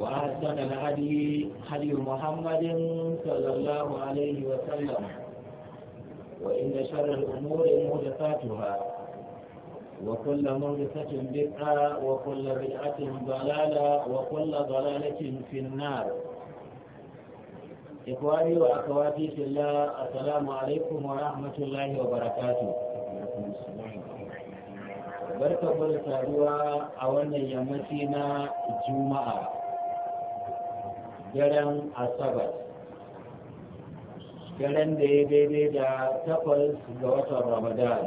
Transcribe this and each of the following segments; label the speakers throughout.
Speaker 1: وأحسن الهدي هدي محمد صلى الله عليه وسلم وإن شر الأمور محدثاتها وكل محدثة بدعة وكل بدعة ضلالة وكل ضلالة في النار إخواني وأخواتي في الله السلام عليكم ورحمة الله وبركاته barka da saduwa a wannan yammaci na juma'a daren asabar daren da ya daidai da takwas ga watan ramadan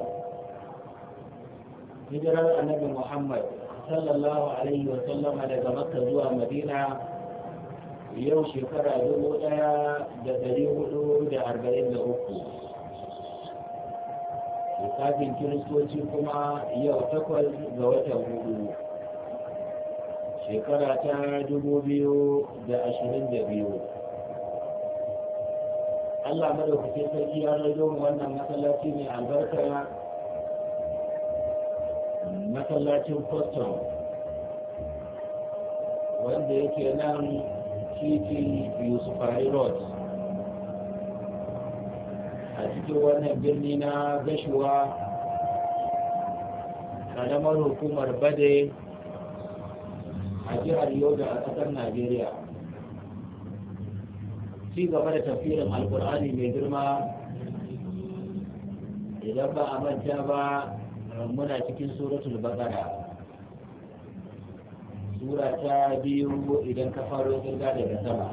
Speaker 1: hijirar annabi muhammad sallallahu alaihi wa sallama daga makka zuwa madina yau shekara dubu daya da dari hudu da arba'in da uku lissafin kiristoci kuma yau takwas ga watan hudu shekara ta dubu biyu da ashirin da biyu allah madaukakin sarki ya rajo wannan masallaci mai albarka masallacin kwastam wanda yake nan titi yusufari road a cikin wannan birni na gashuwa ƙaramar hukumar bade a jihar yoga a ƙasar najeriya ci gaba da tafiyar alkur'ani mai girma idan ba a manta ba muna cikin suratul baqara sura ta biyu idan ka faro kirga daga sama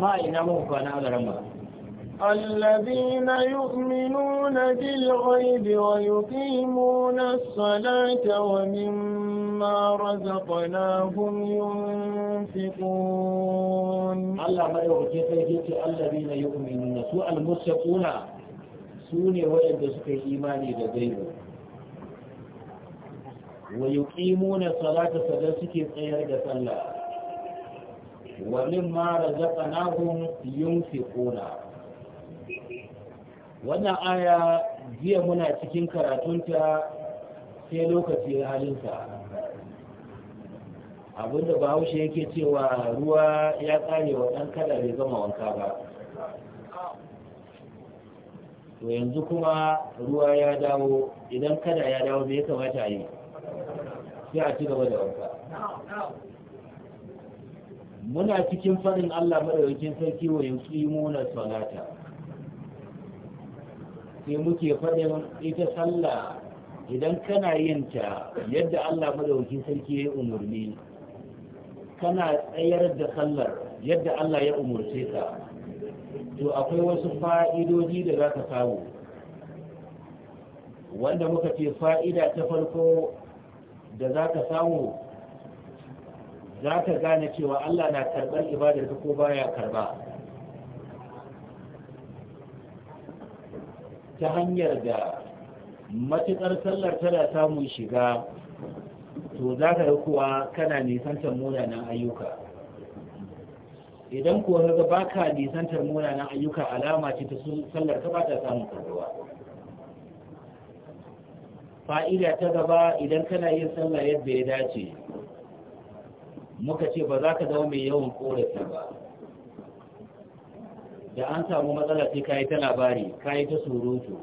Speaker 1: ba ina mun kwana a
Speaker 2: الذين يؤمنون بالغيب ويقيمون الصلاة ومما رزقناهم ينفقون الله ما يغتفه الذين يؤمنون سوء المتقون
Speaker 1: سوني وإذا إيماني لديه ويقيمون الصلاة صلاة سكي قيادة الله ومما رزقناهم ينفقون wannan aya jiya muna cikin karatunta sai lokaci halinsa abinda bahaushe yake cewa ruwa ya tsare wa ɗan kada bai zama wanka ba to yanzu kuma ruwa ya dawo idan kada ya dawo bai kamata yi sai a ci gaba da wanka muna cikin farin allah madaukakin sarki wa yanzu muna salata sai muke faɗin ita sallah idan kana yin ta yadda Allah madauki sarki ya umarni kana tsayar da sallar yadda Allah ya umarce ka to akwai wasu fa'idodi da za ka samu wanda muka ce fa'ida ta farko da za ka samu za ka gane cewa Allah na karɓar ibadar ka ko baya karɓa ta hanyar da matuƙar sallar tana samun shiga to za ka kuwa kana nisantar munanan ayyuka idan kuwa ka ba ka nisantar munanan ayyuka alama ce ta sallar ka ba ta samun karuwa fa'ida ta gaba idan kana yin sallar yadda ya dace muka ce ba za ka zama mai yawan ƙorafi ba da an samu matsala sai kayi ta labari kayi ta surutu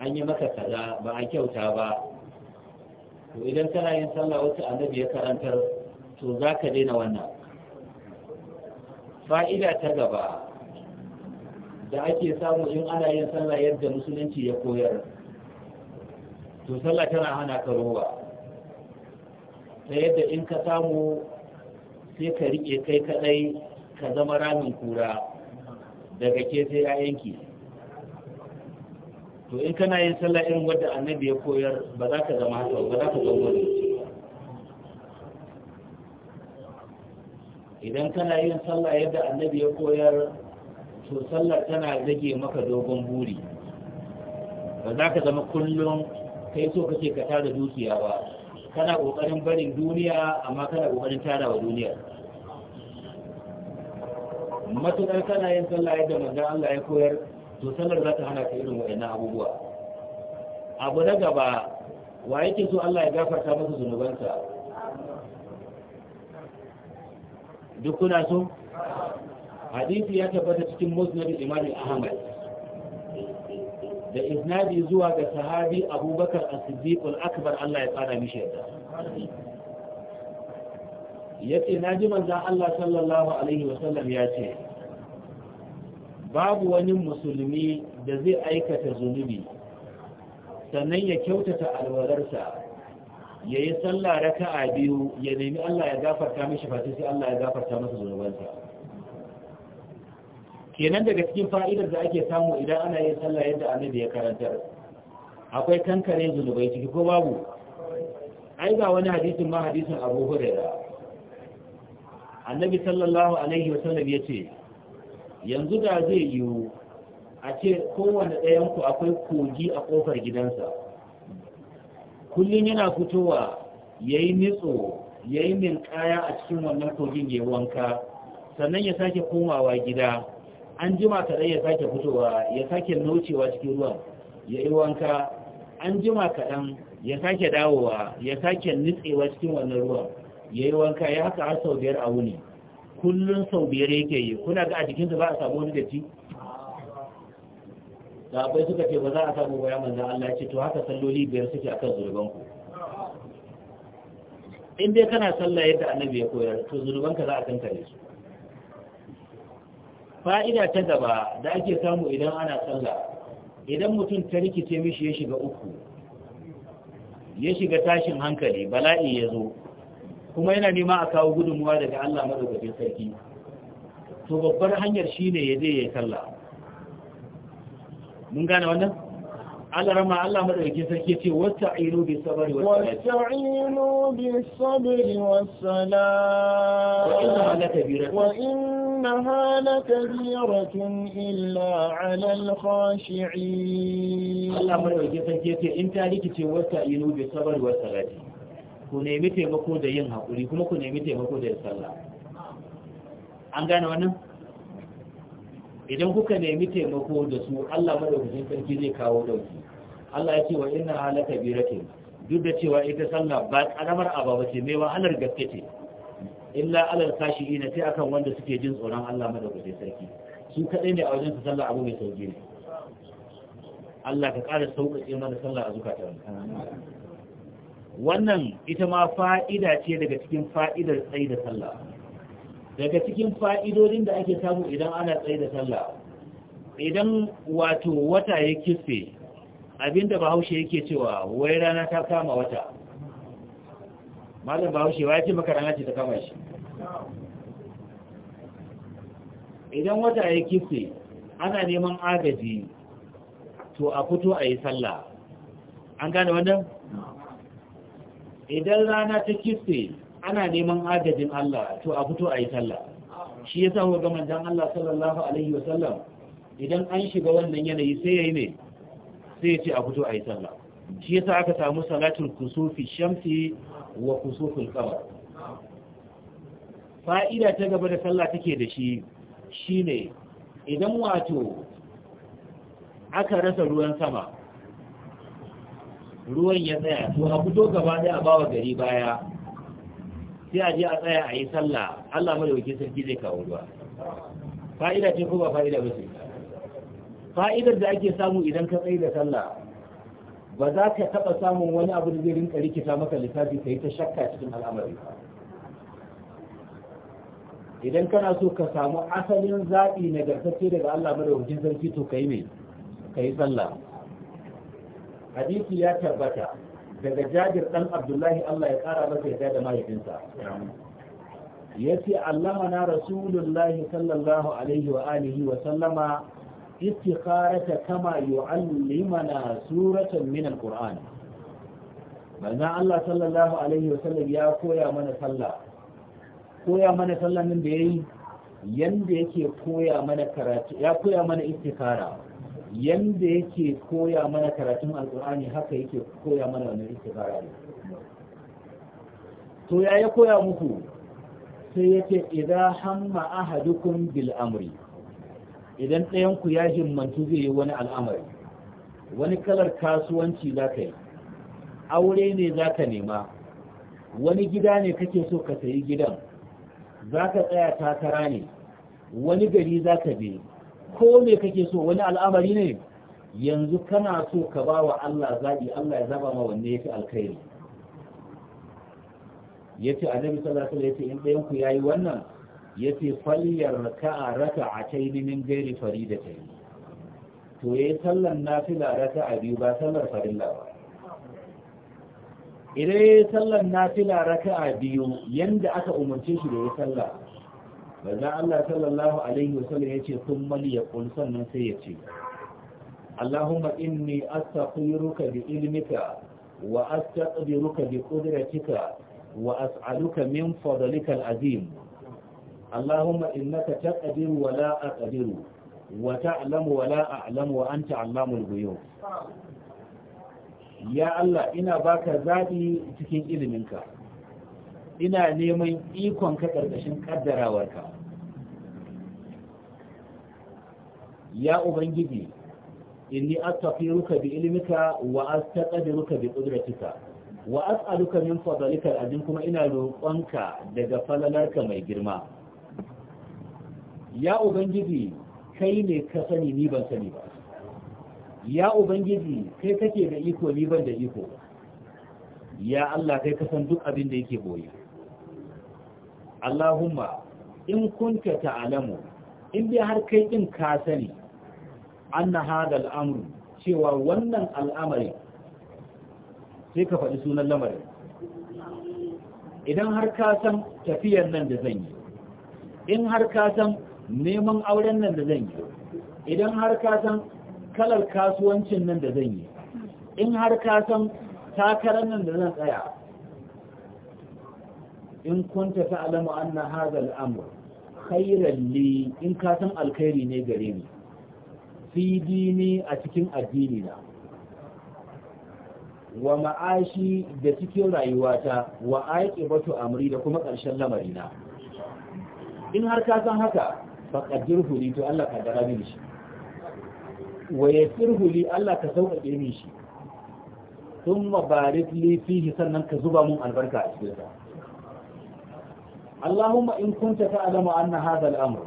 Speaker 1: an yi maka kaza ba a kyauta ba to idan kana yin sallah wacce annabi ya karantar to za ka daina wannan fa'ida ta gaba da ake samu in ana yin sallah yadda musulunci ya koyar to sallah tana hana ka rowa ta yadda in ka samu sai ka riƙe kai kaɗai ka zama ramin kura daga ke sai ‘ya'yanki to in kana yin sallah irin wadda annabi ya koyar ba za ka zama haka ba za ka zama idan kana yin sallah yadda annabi ya koyar to sallar tana zage maka dogon buri ba za ka zama kullum kai so kake ka tara dukiya ba kana ƙoƙarin barin duniya amma kana kokarin tara wa duniyar matuƙar kana yin sallah yadda manzon Allah ya koyar to sallar za ta hana ka irin waɗannan abubuwa abu na gaba wa yake so Allah ya gafarta masa zunubansa duk kuna so hadisi ya tabbata cikin musnad imam ahmad da isnadi zuwa ga sahabi abubakar as-siddiq al-akbar Allah ya fara mishi ya ce na ji manzan Allah sallallahu Alaihi wasallam ya ce babu wani musulmi da zai aikata zunubi sannan ya kyautata alwalarsa ya yi raka a biyu ya nemi Allah ya gafarta mishi fata sai Allah ya gafarta masa zunubansa kenan daga cikin fa'idar da ake samu idan ana yin tsalla yadda da ya karantar akwai kankare zunubai ciki ko babu ai ga wani hadisin ma hadisin Abu Hurairah annabi sallallahu alaihi wasallam ya ce yanzu da zai yiwu a ce kowane ɗayanku akwai kogi a ƙofar gidansa kullum yana fitowa ya yi nitso ya yi ninkaya a cikin wannan kogin ya wanka sannan ya sake komawa gida an jima kaɗai ya sake fitowa ya sake naucewa cikin ruwan ya yi wanka an jima kaɗan ya sake dawowa ya sake nitsewa cikin wannan ruwan ya yi wanka ya haka sau biyar a wuni kullum sau biyar yake yi kuna ga a jikinsa ba a samu wani datti Da sahabbai suka ce ba za a samu ba manzan Allah ce to haka salloli biyar suke akan zurbanku in dai kana sallah yadda annabi ya koyar to zurbanka za a kankare su fa'ida ta gaba da ake samu idan ana sallah idan mutum ta rikice mishi ya shiga uku ya shiga tashin hankali bala'i ya zo kuma yana nema a kawo gudunmuwa daga Allah madaukakin sarki to babbar hanyar shine ya je yayi sallah mun gane wannan Allah rama Allah madaukakin sarki ce wasta'inu bis sabri was salat
Speaker 2: wasta'inu bis sabri was salat wa innaha lakabiratun illa 'ala al-khashi'in
Speaker 1: Allah madaukakin sarki ce in ta rikice wasta'inu bis sabri was salat ku nemi taimako da yin haƙuri kuma ku nemi taimako da yin sallah an gane wannan idan kuka nemi taimako da su Allah madaukakin sarki zai kawo dauki Allah ya ce wa inna halaka biratin duk da cewa ita sallah ba karamar aba ba ce mai wahalar gaske ce illa alal kashi ina sai akan wanda suke jin tsoron Allah madaukakin sarki su kadai ne a wajen su sallah abu mai sauki ne Allah ka ƙara sauƙaƙe mana sallah a zukatan wannan ita ma fa'ida ce daga cikin fa'idar tsaye da sallah daga cikin fa'idodin da ake samu idan ana tsaye da sallah idan wato wata ya kisfe abinda bahaushe yake cewa wai rana ta kama wata malam bahaushe wa ya ce maka rana ce ta kama shi idan wata ya kisfe ana neman agaji to a fito a yi sallah an gane wannan idan rana ta kifte ana neman adadin Allah to a fito a yi sallah shi yasa ga manzan Allah sallallahu alaihi wasallam idan an shiga wannan yanayi sai ya yi ne sai ya ce a fito a yi sallah shi ya yasa aka samu salatul kusufi shamsi wa kusuful qamar fa'ida ta gaba da sallah take da shi shine idan wato aka rasa ruwan sama ruwan ya tsaya to a fito gaba ɗaya a bawa gari baya sai a je a tsaya a yi sallah Allah madaukakin sarki zai kawo ruwa fa'ida ce ko ba fa'ida ba ce fa'idar da ake samu idan ka tsaye da sallah ba za ka taɓa samun wani abu da zai rinka rikita maka lissafi ka yi ta shakka cikin al'amari idan kana so ka samu asalin zaɓi nagartacce daga Allah madaukakin sarki to ka yi mai ka yi sallah hadisi ya tabbata daga jabir dan abdullahi Allah ya kara masa yadda da mahaifinsa yace allamana rasulullahi sallallahu alaihi wa alihi wa sallama istikharata kama yu'allimana suratan min alquran manzon Allah sallallahu alaihi wa sallam ya koya mana sallah koya mana sallah, nan da yayi yanda yake koya mana karatu ya koya mana istikhara yanda yake koya mana karatun alkur'ani haka yake koya mana wannan istibara ne to ya ya koya muku sai yake idan hamma ahadukum bil amri idan ɗayan ku ya himmantu zai yi wani al'amari wani kalar kasuwanci za ka yi aure ne za ka nema wani gida ne kake so ka sayi gidan za ka tsaya takara ne wani gari za ka bi. ko me kake so wani al'amari ne yanzu kana so ka ba wa Allah zaɓi Allah ya zaba ma wanne ya fi alkhairi ya ce annabi sallallahu alaihi wasallam in ɗayan ku yayi wannan ya ce falyar raka'a raka'a ta yi min gairi farida ta to ya yi sallan nafila raka'a biyu ba sallar farilla ba idan ya yi sallan nafila raka'a biyu yanda aka umarce shi da ya sallah manzon Allah sallallahu alaihi wasallam yace kun mali ya kul sannan sai ya ce Allahumma inni astaghfiruka bi ilmika wa astaqdiruka bi qudratika wa as'aluka min fadlika al-azim Allahumma innaka taqdiru wa la aqdiru wa ta'lamu wa la a'lamu wa anta 'allamul ghuyub Ya Allah ina baka zabi cikin iliminka ina neman ikon ka ƙarƙashin ƙaddarawarka ya ubangiji inni astaghfiruka bi ilmika wa astaqdiruka bi qudratika wa as'aluka min fadlika al'azim kuma ina roƙonka daga falalarka mai girma ya ubangiji kai ne ka sani ni ban sani ba ya ubangiji kai kake da iko ni ban da iko ya Allah kai ka san duk abin da yake boye Allahumma in kunta ta'lamu in dai har kai din ka sani anna hada amru cewa wannan al'amari sai ka faɗi sunan lamarin idan har ka san tafiyar nan da zan yi in har ka san neman auren nan da zan yi idan har ka san kalar kasuwancin nan da zan yi in har ka san takarar nan da zan tsaya in kunta ta anna hadha al-amr khairan li in ka san alkhairi ne gare ni fi dini a cikin addini na wa ma'ashi da cikin rayuwata wa aiki aaqibatu amri da kuma ƙarshen lamari na. in har ka san haka faqaddirhu huli, to Allah ka dara mini shi wa yassirhu huli? Allah ka sauƙaƙe mini shi thumma barik li fihi sannan ka zuba mun albarka a cikin sa Allahumma in kunta ta'lamu anna hadha al-amr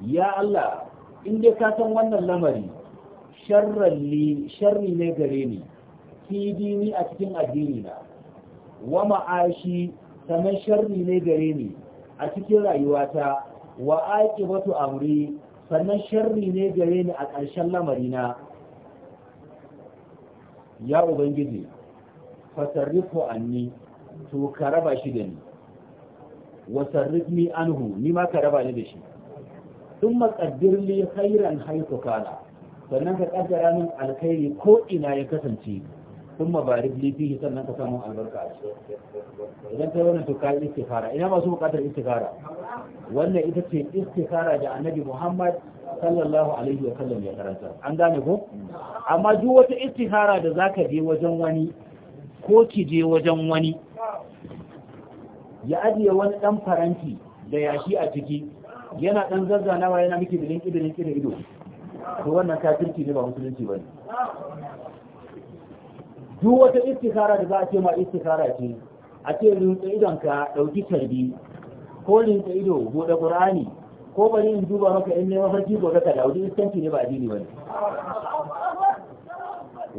Speaker 1: ya Allah in dai ka san wannan lamari sharran li sharri ne gare ni fi dini a cikin addini na wa ma'ashi sanan sharri ne gare ni a cikin rayuwata wa aqibatu amri sannan sharri ne gare ni a ƙarshen lamarina ya ubangiji fasarrifu anni to ka raba shi da ni wa sarrifni anhu ni ma ka raba ni da shi Sun qaddir li hairan haythu kana sannan ka kaddara min alkhairi ko ina ya kasance Sun barik li fihi sannan ka samu albarka a
Speaker 3: cikin
Speaker 1: idan kai wannan to kai istikhara ina masu bukatar istikara. wannan ita ce istikara da annabi Muhammad sallallahu alaihi wa sallam ya karanta an gane ko amma duk wata istikhara da zaka je wajen wani ko ki je wajen wani ya ajiye wani dan faranti da yashi a ciki yana dan zazzanawa yana miki bilin idilin ido ido to wannan kafirci ne ba musulunci bane duk wata istikara da za a ce ma istikara ce a ce rinsa idon ka dauki tarbi ko rinsa ido buɗe qur'ani ko bari in duba maka in ne mafarki gobe ka daudi iskanci ne ba addini bane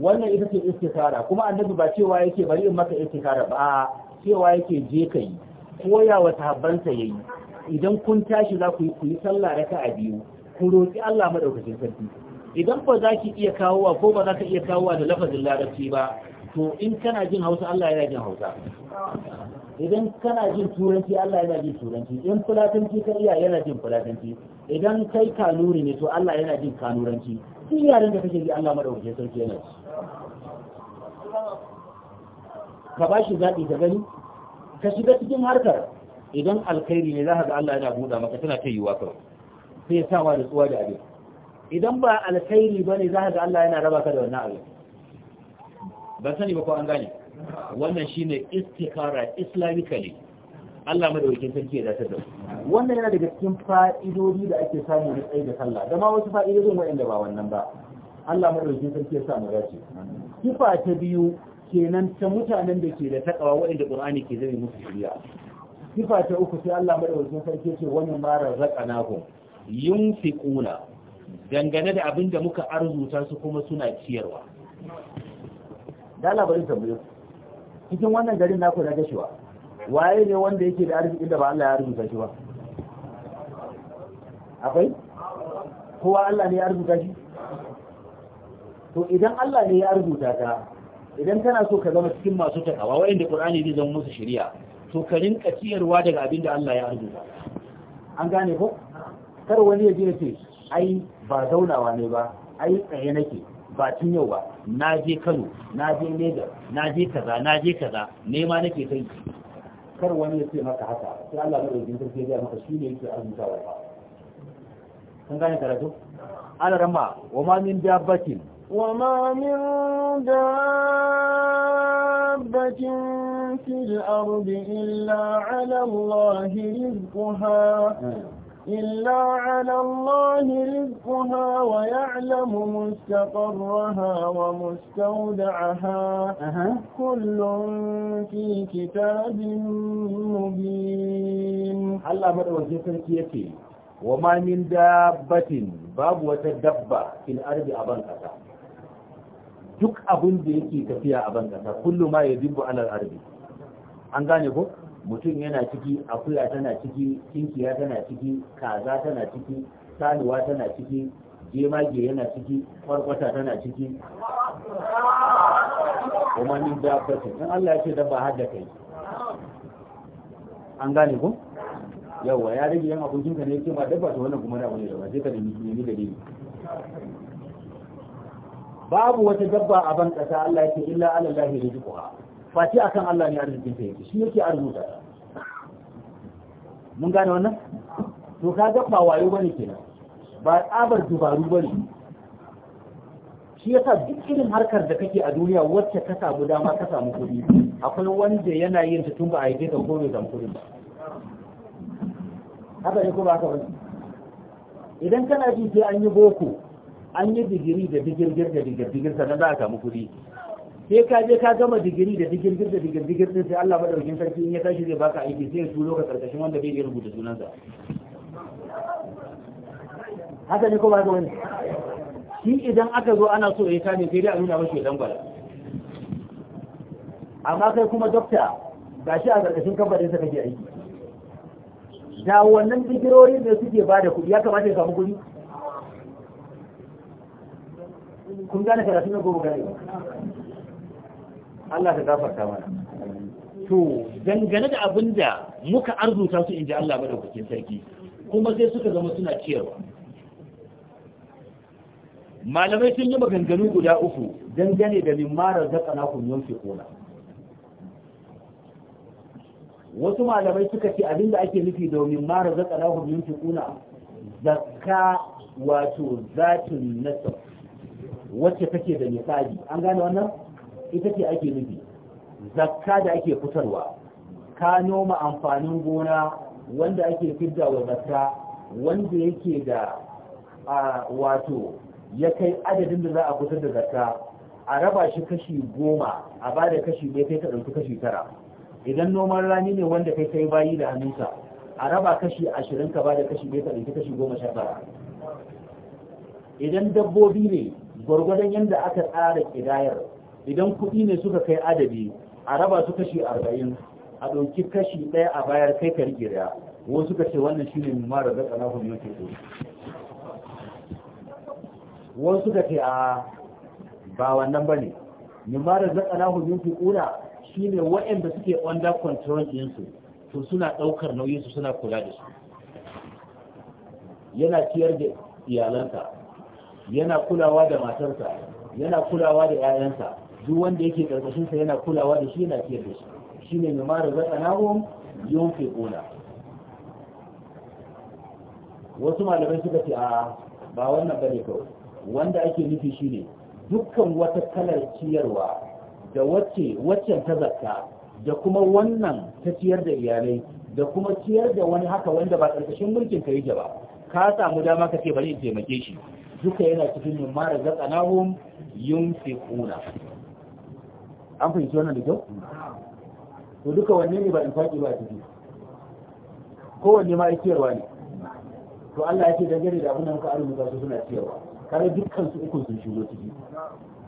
Speaker 1: wannan ita ce istikara kuma annabi ba cewa yake bari in maka istikara ba cewa yake je ka yi koya wa sahabbansa yi, idan kun tashi za ku yi ku yi sallah raka'a biyu ku roƙi Allah madaukakin sarki idan ba za ki iya kawowa ko ba za ka iya kawowa da lafazin larabci ba to in kana jin Hausa Allah yana jin Hausa idan kana jin turanci Allah yana jin turanci in fulatanci ka iya yana jin fulatanci idan kai kanuri ne to Allah yana jin kanuranci duk yaran da kake ji Allah madaukakin sarki yana ka ba shi zaɓi ka gani ka shiga cikin harkar idan alkhairi ne za ka ga Allah yana buɗa maka tana ta yiwa kawai sai ya sawa da tsuwa da abin idan ba alkhairi ba ne za ka ga Allah yana raba ka da wannan abin ban sani ba ko an gane wannan shi ne istikara islamically Allah madaukakin sarki ya zartar da wannan yana daga cikin fa'idodi da ake samu da tsayi da sallah da ma wasu fa'idodin waɗanda ba wannan ba Allah madaukakin sarki ya sa mu dace kifa ta biyu kenan ta mutanen da ke da takawa waɗanda ƙur'ani ke zai musu shirya sifa ta uku sai Allah madaukakin sarki ce wani mara razaqnakum yunfiquna dangane da abin da muka arzuta su kuma suna ciyarwa da labarin tambayo cikin wannan garin naku na gashiwa waye ne wanda yake da arziki da ba Allah ya arzuta shi ba akwai kowa Allah ne ya arzuta shi to idan Allah ne ya arzuta ka idan kana so ka zama cikin masu takawa waɗanda Qur'ani zai zama musu shari'a to ka rinka ciyarwa daga abin da Allah ya arzuta an gane ko kar wani ya je ce ai ba zaunawa ne ba ai tsaye nake ba tun yau ba na je Kano na je Lagos na je kaza na je kaza ne ma nake kai kar wani ya ce maka haka sai Allah ya rubuta sai ya maka ne yake wa ba An gane karatu alaramma wa ma min dabbatin
Speaker 2: وما من دابة في الأرض إلا على الله رزقها إلا على الله رزقها ويعلم مستقرها ومستودعها كل في كتاب مبين الله
Speaker 1: مدعو كيفي وما من دابة باب وتدبة في الأرض أبن أسام duk abin da yake tafiya a ban kasa kullu ma yajibu ala ardi an gane ko mutum yana ciki akuya tana ciki kinkiya tana ciki kaza tana ciki sanuwa tana ciki jemage yana ciki kwarkwata tana ciki
Speaker 3: kuma min fata
Speaker 1: in Allah ya ce dabba har da kai an gane ko yawa ya rage yan abokinka ne yake ma dabba to wannan kuma da wani da ba sai ka nemi dalili babu wata dabba a ban kasa Allah yake illa ala Allah rizquha fati akan Allah ne arzikin ta yake shi yake arzuta mun gane wannan to ga ba wayo bane kenan ba tsabar dubaru bane shi yasa duk irin harkar da kake a duniya wacce ka samu dama ka samu kuɗi akwai wanda yana yin ta tun ba a yi ta ko bai samu ba haka ne ko ba ka wani idan kana ji sai an yi boko an yi digiri da digirgir da digirgir sannan za a samu kuɗi sai ka je ka gama digiri da digirgir da digirgir din sai Allah madaukakin sarki in ya tashi zai baka aiki sai ya turo ka karkashin wanda bai iya rubuta sunansa haka ne kuma ba wani shi idan aka zo ana so ya kame sai dai a nuna mashi dan gwala amma kai kuma dokta gashi a karkashin kamfanin sa kake aiki da wannan digirorin da suke bada kuɗi ya kamata ya samu kuɗi kun gane rasu na gobe gane Allah ta gafarta mana to dangane da abin da muka arzuta su inji Allah madaukakin sarki kuma sai suka zama suna ciyarwa malamai sun yi maganganu guda uku dangane da limara zaka na kun yanke kona wasu malamai suka ce abinda ake nufi da limara zaka na kun yanke kona zakka wato zatin nasab wacce take da nisabi an gane wannan ita ce ake nufi zakka da ake fitarwa ka noma amfanin gona wanda ake fidda wa zakka wanda yake da wato ya kai adadin da za a fitar da zakka a raba shi kashi goma a ba da kashi ɗaya kai ka ɗauki kashi tara idan noman rani ne wanda kai kai bayi da hannunka a raba kashi ashirin ka ba da kashi ɗaya ka ɗauki kashi goma sha tara idan dabbobi ne gwargwadon yadda aka tsara ƙidayar, idan kuɗi ne suka kai adadi a raba su kashi arba'in a ɗauki kashi ɗaya a bayar kai ka riƙe da wasu ka ce wannan shine mara da tsana ku ne ko wasu ka ce a ba wannan ba bane mimara da tsana ku ne kuna shine waɗanda suke under control din to suna ɗaukar nauyinsu, suna kula da su yana ciyar da iyalanta yana kulawa da matarsa yana kulawa da 'ya'yansa duk wanda yake karkashin sa yana kulawa da shi yana ciyar da shi shine mai mara zaka nahum yunfiquna wasu malamai suka ce a ba wannan bane kawai wanda ake nufi shine dukkan wata kalar ciyarwa da wacce waccan ta zakka da kuma wannan ta ciyar da iyalai da kuma ciyar da wani haka wanda ba ƙarƙashin mulkin ka yake ba ka samu dama ka ce bari in taimake shi duka yana cikin min mara zakanahum yunfiquna an fahimci wannan da kyau to duka wanne ne ba in faɗi ba ciki kowanne ma ya ciyarwa ne to Allah ya ce dangane da abin da muka arzuta su suna ciyarwa kare dukkan su ukun sun shigo ciki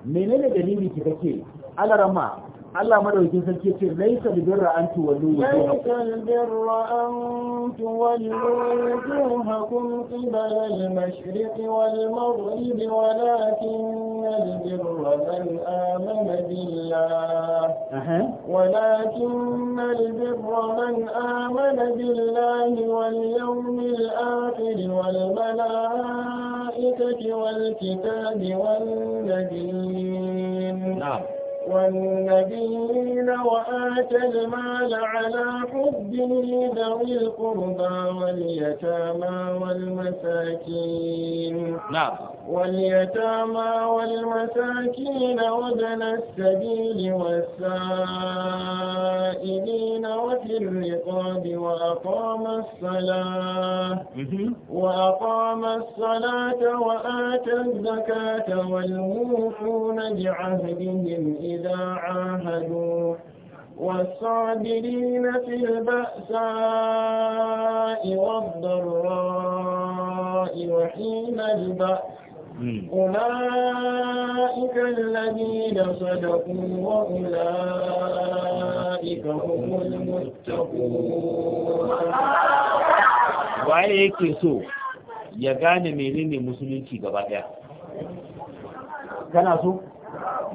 Speaker 1: menene dalili ki kake alarama Allah madaukin sarki ce laisa bi birra an
Speaker 2: tuwallu wujuhakum laisa birra an tuwallu wujuhakum qibala al-mashriq wal maghrib walakin al-birra man amana billah walakin al-birra man amana billahi wal yawmil akhir wal malaikati wal kitabi wan nabiyyin والنبيين وآتى المال على حبه ذوي القربى واليتامى والمساكين نعم واليتامى والمساكين وابن السبيل والسائلين وفي الرقاب وأقام الصلاة وأقام الصلاة وآتى الزكاة والموفون بعهدهم إذا إذا عاهدوا والصابرين في البأساء والضراء وحين البأس أولئك الذين صدقوا وأولئك هم المتقون waye yake so
Speaker 1: ya gane menene musulunci gaba daya kana so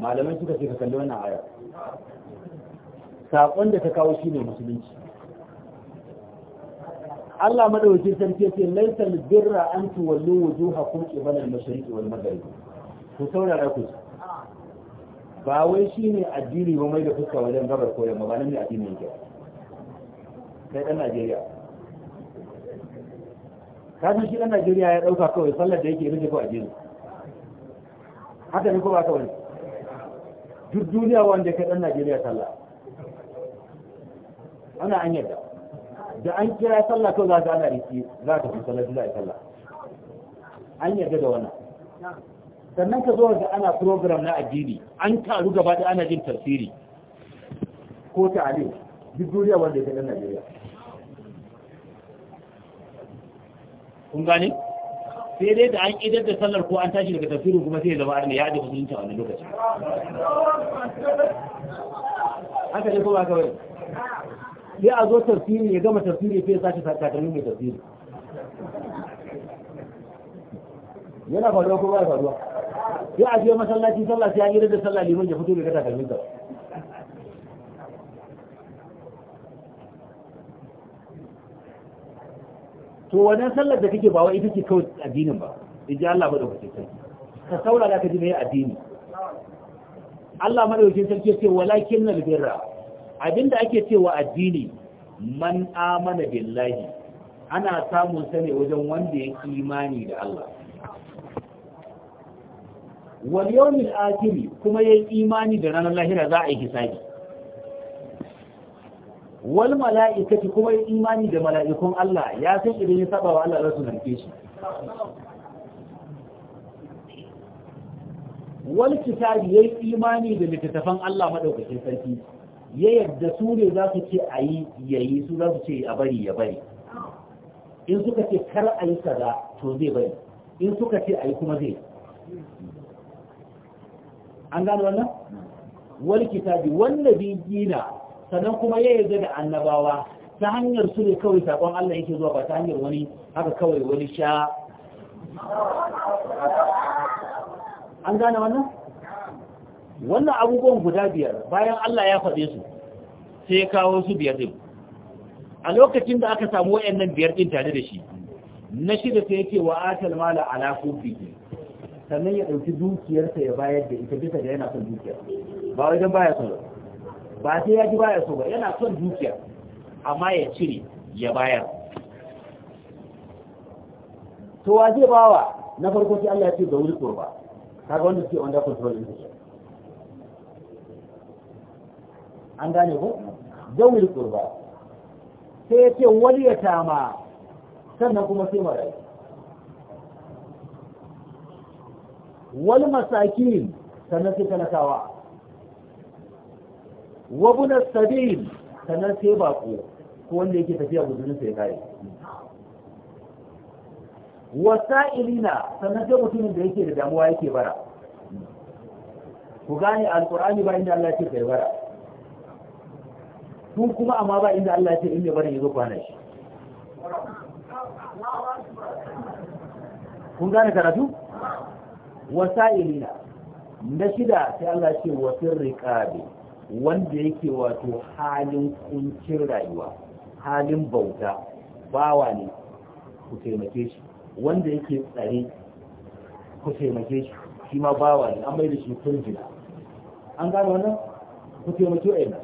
Speaker 1: malamai suka ce ka kalli wannan aya saƙon da ta kawo shi ne musulunci Allah madawaci sarki ce laisa birra an wujuha wujuhakum qibala al-mashriq wal maghrib ku saurara ku ba wai shine addini ba mai da fuska wajen gabar ko yamma ba nan ne addini yake sai dan Najeriya kaji shi dan Najeriya ya dauka kawai sallar da yake rubuta ko addini haka ne ko ba ka wani duk duniya wanda ka dan Najeriya sallah ana an yarda da an kira sallah to za ka ana riki za ka fi sallah da sallah an yarda da wannan sannan ka zo da ana program na addini an taru gaba da ana jin tafsiri ko ta'alim duk duniya wanda ya dan Najeriya kun gane sai dai da an idar da sallar ko an tashi daga tafsirin kuma sai ya zama arna ya ajiye musulunci a wani lokaci haka ne kuma haka wani sai a zo tafsiri ya gama tafsiri sai ya sace takalmi mai tafsiri yana faruwa ko ba faruwa sai a je masallaci sallah sai an idar da sallah liman ya fito daga takalmin sa to wannan sallar da kake ba wai ita ce kawai addinin ba in ji Allah madaukakin sarki ka saura ka ji mai addini Allah da yake sai ce walakin nal birra abinda ake cewa addini man amana billahi ana samun sa wajen wanda ya imani da Allah wal yawmil akhir kuma yayin imani da ranar lahira za a yi hisabi wal mala'ikati kuma ya imani da mala'ikun Allah ya san idan ya saba wa Allah za su narke shi wal kitabi ya imani da littattafan Allah madaukakin sarki ya yadda su ne za su ce a yi ya yi su za su ce a bari ya bari in suka ce kar a yi kaza to zai bari in suka ce a yi kuma zai an gano wannan wal kitabi wanda bi gina sannan kuma ya yi da annabawa ta hanyar su ne kawai saƙon Allah yake zuwa ba ta hanyar wani haka kawai wani sha an gane wannan wannan abubuwan guda biyar bayan Allah ya faɗe su sai ya kawo su biyar din a lokacin da aka samu wayannan biyar din tare da shi na da sai yake wa atal mala ala sannan ya ɗauki dukiyarsa ya bayar da ita bisa da yana son dukiyar ba wajen dan baya son ba sai ya ji baya so ba yana son dukiya amma ya cire ya bayar to wa zai bawa na farko sai Allah ya ce da wuri kurba kaga wanda ke under control din shi an gane ko da wuri kurba sai ya ce wani ya tama sannan kuma sai marayu wal masakin sannan sai talakawa wa buna sabil sannan sai bako ko wanda yake tafiya guzurin sai kare wasa'ilina sannan sai mutumin da yake da damuwa yake bara ku gane alqur'ani ba inda Allah ya ce kai bara Tun kuma amma ba inda Allah ya ce in ya bara yazo kwana shi kun gane karatu wasa'ilina na shida sai Allah ya ce wasir riqabi wanda yake wato halin kuncin rayuwa halin bauta bawa ne ku taimake shi wanda yake tsare ku taimake shi shi ma bawa ne an mai da shi firjina an gano wannan ku taimake aina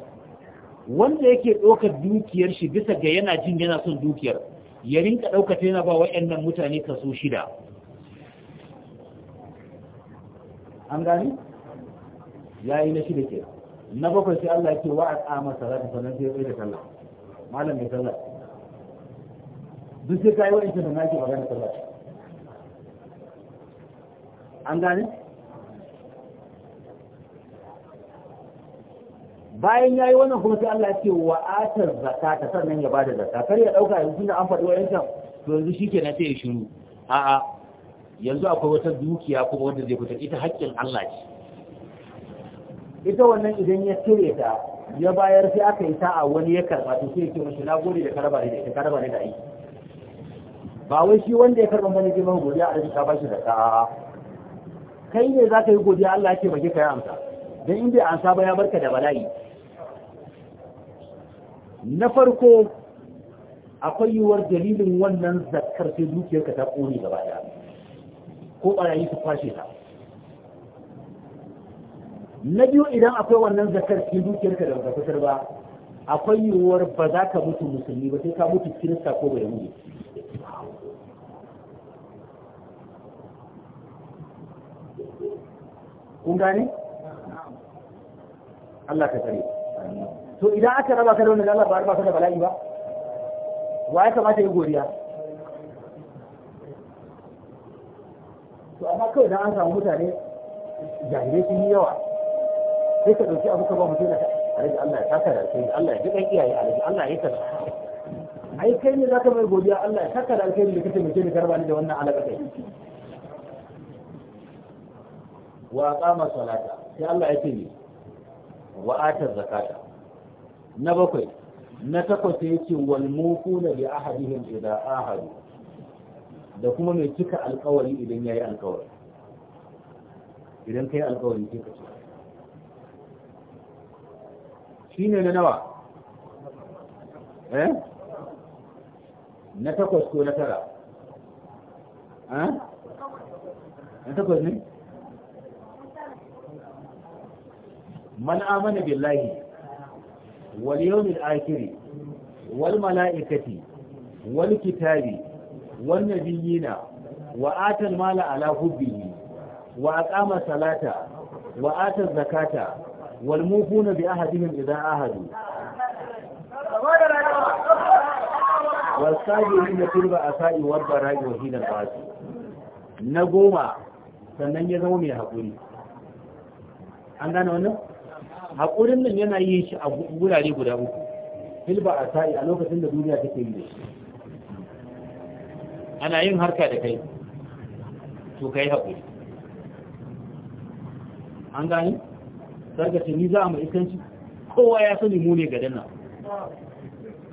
Speaker 1: wanda yake ɗaukar dukiyar shi bisa ga yana jin yana son dukiyar ya rinka ɗaukata yana ba wa'annan mutane kaso shida an gani ya yi na shida kenan na bakwai sai Allah yake wa aqama salata sannan sai ya da sallah malam mai sallah duk sai kai wani da nake magana sallah an gane bayan yayi wannan kuma sai Allah yake wa atar zakata sannan ya bada zakata kar ya dauka yanzu da an faɗi yankan to yanzu na sai ya shiru a'a yanzu akwai wata dukiya kuma wanda zai fita ita haƙƙin Allah ce ita wannan idan ya cire ta ya bayar sai aka yi sa'a wani ya karba to sai ke mashi nagode da karba ne da karba ne da aiki ba wai shi wanda ya karba bane ke mahu godiya a da ka bashi da ka kai ne za ka yi godiya Allah ke maki baki ka yi amsa don in bai amsa ba ya barka da bala'i na farko akwai yiwuwar dalilin wannan zakar sai dukiyarka ta kone gaba ɗaya ko ɓarayi su kwashe ta na biyu idan akwai wannan zakar cikin dukiyarka da baka fitar ba akwai yiwuwar ba za ka mutu musulmi ba sai ka mutu kirista ko bai mutu kun gane Allah ka tsare to idan aka raba ka da wannan Allah ba a raba ka da bala'i ba wa ya kamata ya godiya to amma kawai dan an samu mutane jahilai sun yi yawa sai ka ɗauki abu ka ba mutum ka alhaji Allah ya saka da alheri Allah ya jiƙan iyaye alhaji Allah ya kaza ai kai ne zaka mai godiya Allah ya saka da alheri da kace mutum karba ni da wannan alaka kai wa qama salata sai Allah ya ce ni wa ata zakata na bakwai na takwas ya ce wal mufuna bi ahadihim idza ahadu da kuma mai cika alkawari idan yayi alkawari idan kai alkawari sai ka cika shine na nawa eh na takwas ko na tara eh na takwas ne man amana billahi wal yawmil akhir wal malaikati wal kitabi wan nabiyina wa atal mala ala hubbihi wa aqama salata wa ata zakata والموفون بأهدهم bi أهدوا idan ahadu wal sabirin da turba asai wal bara'i wa hidan basi na goma sannan ya zama mai haƙuri an gane haƙurin nan yana yin shi a wurare guda uku hilba a sa'i a lokacin da duniya take yi da shi ana yin harka da kai to kai haƙuri an gane za ka ce ni za a ikanci kowa ya sani mu ne gadan nan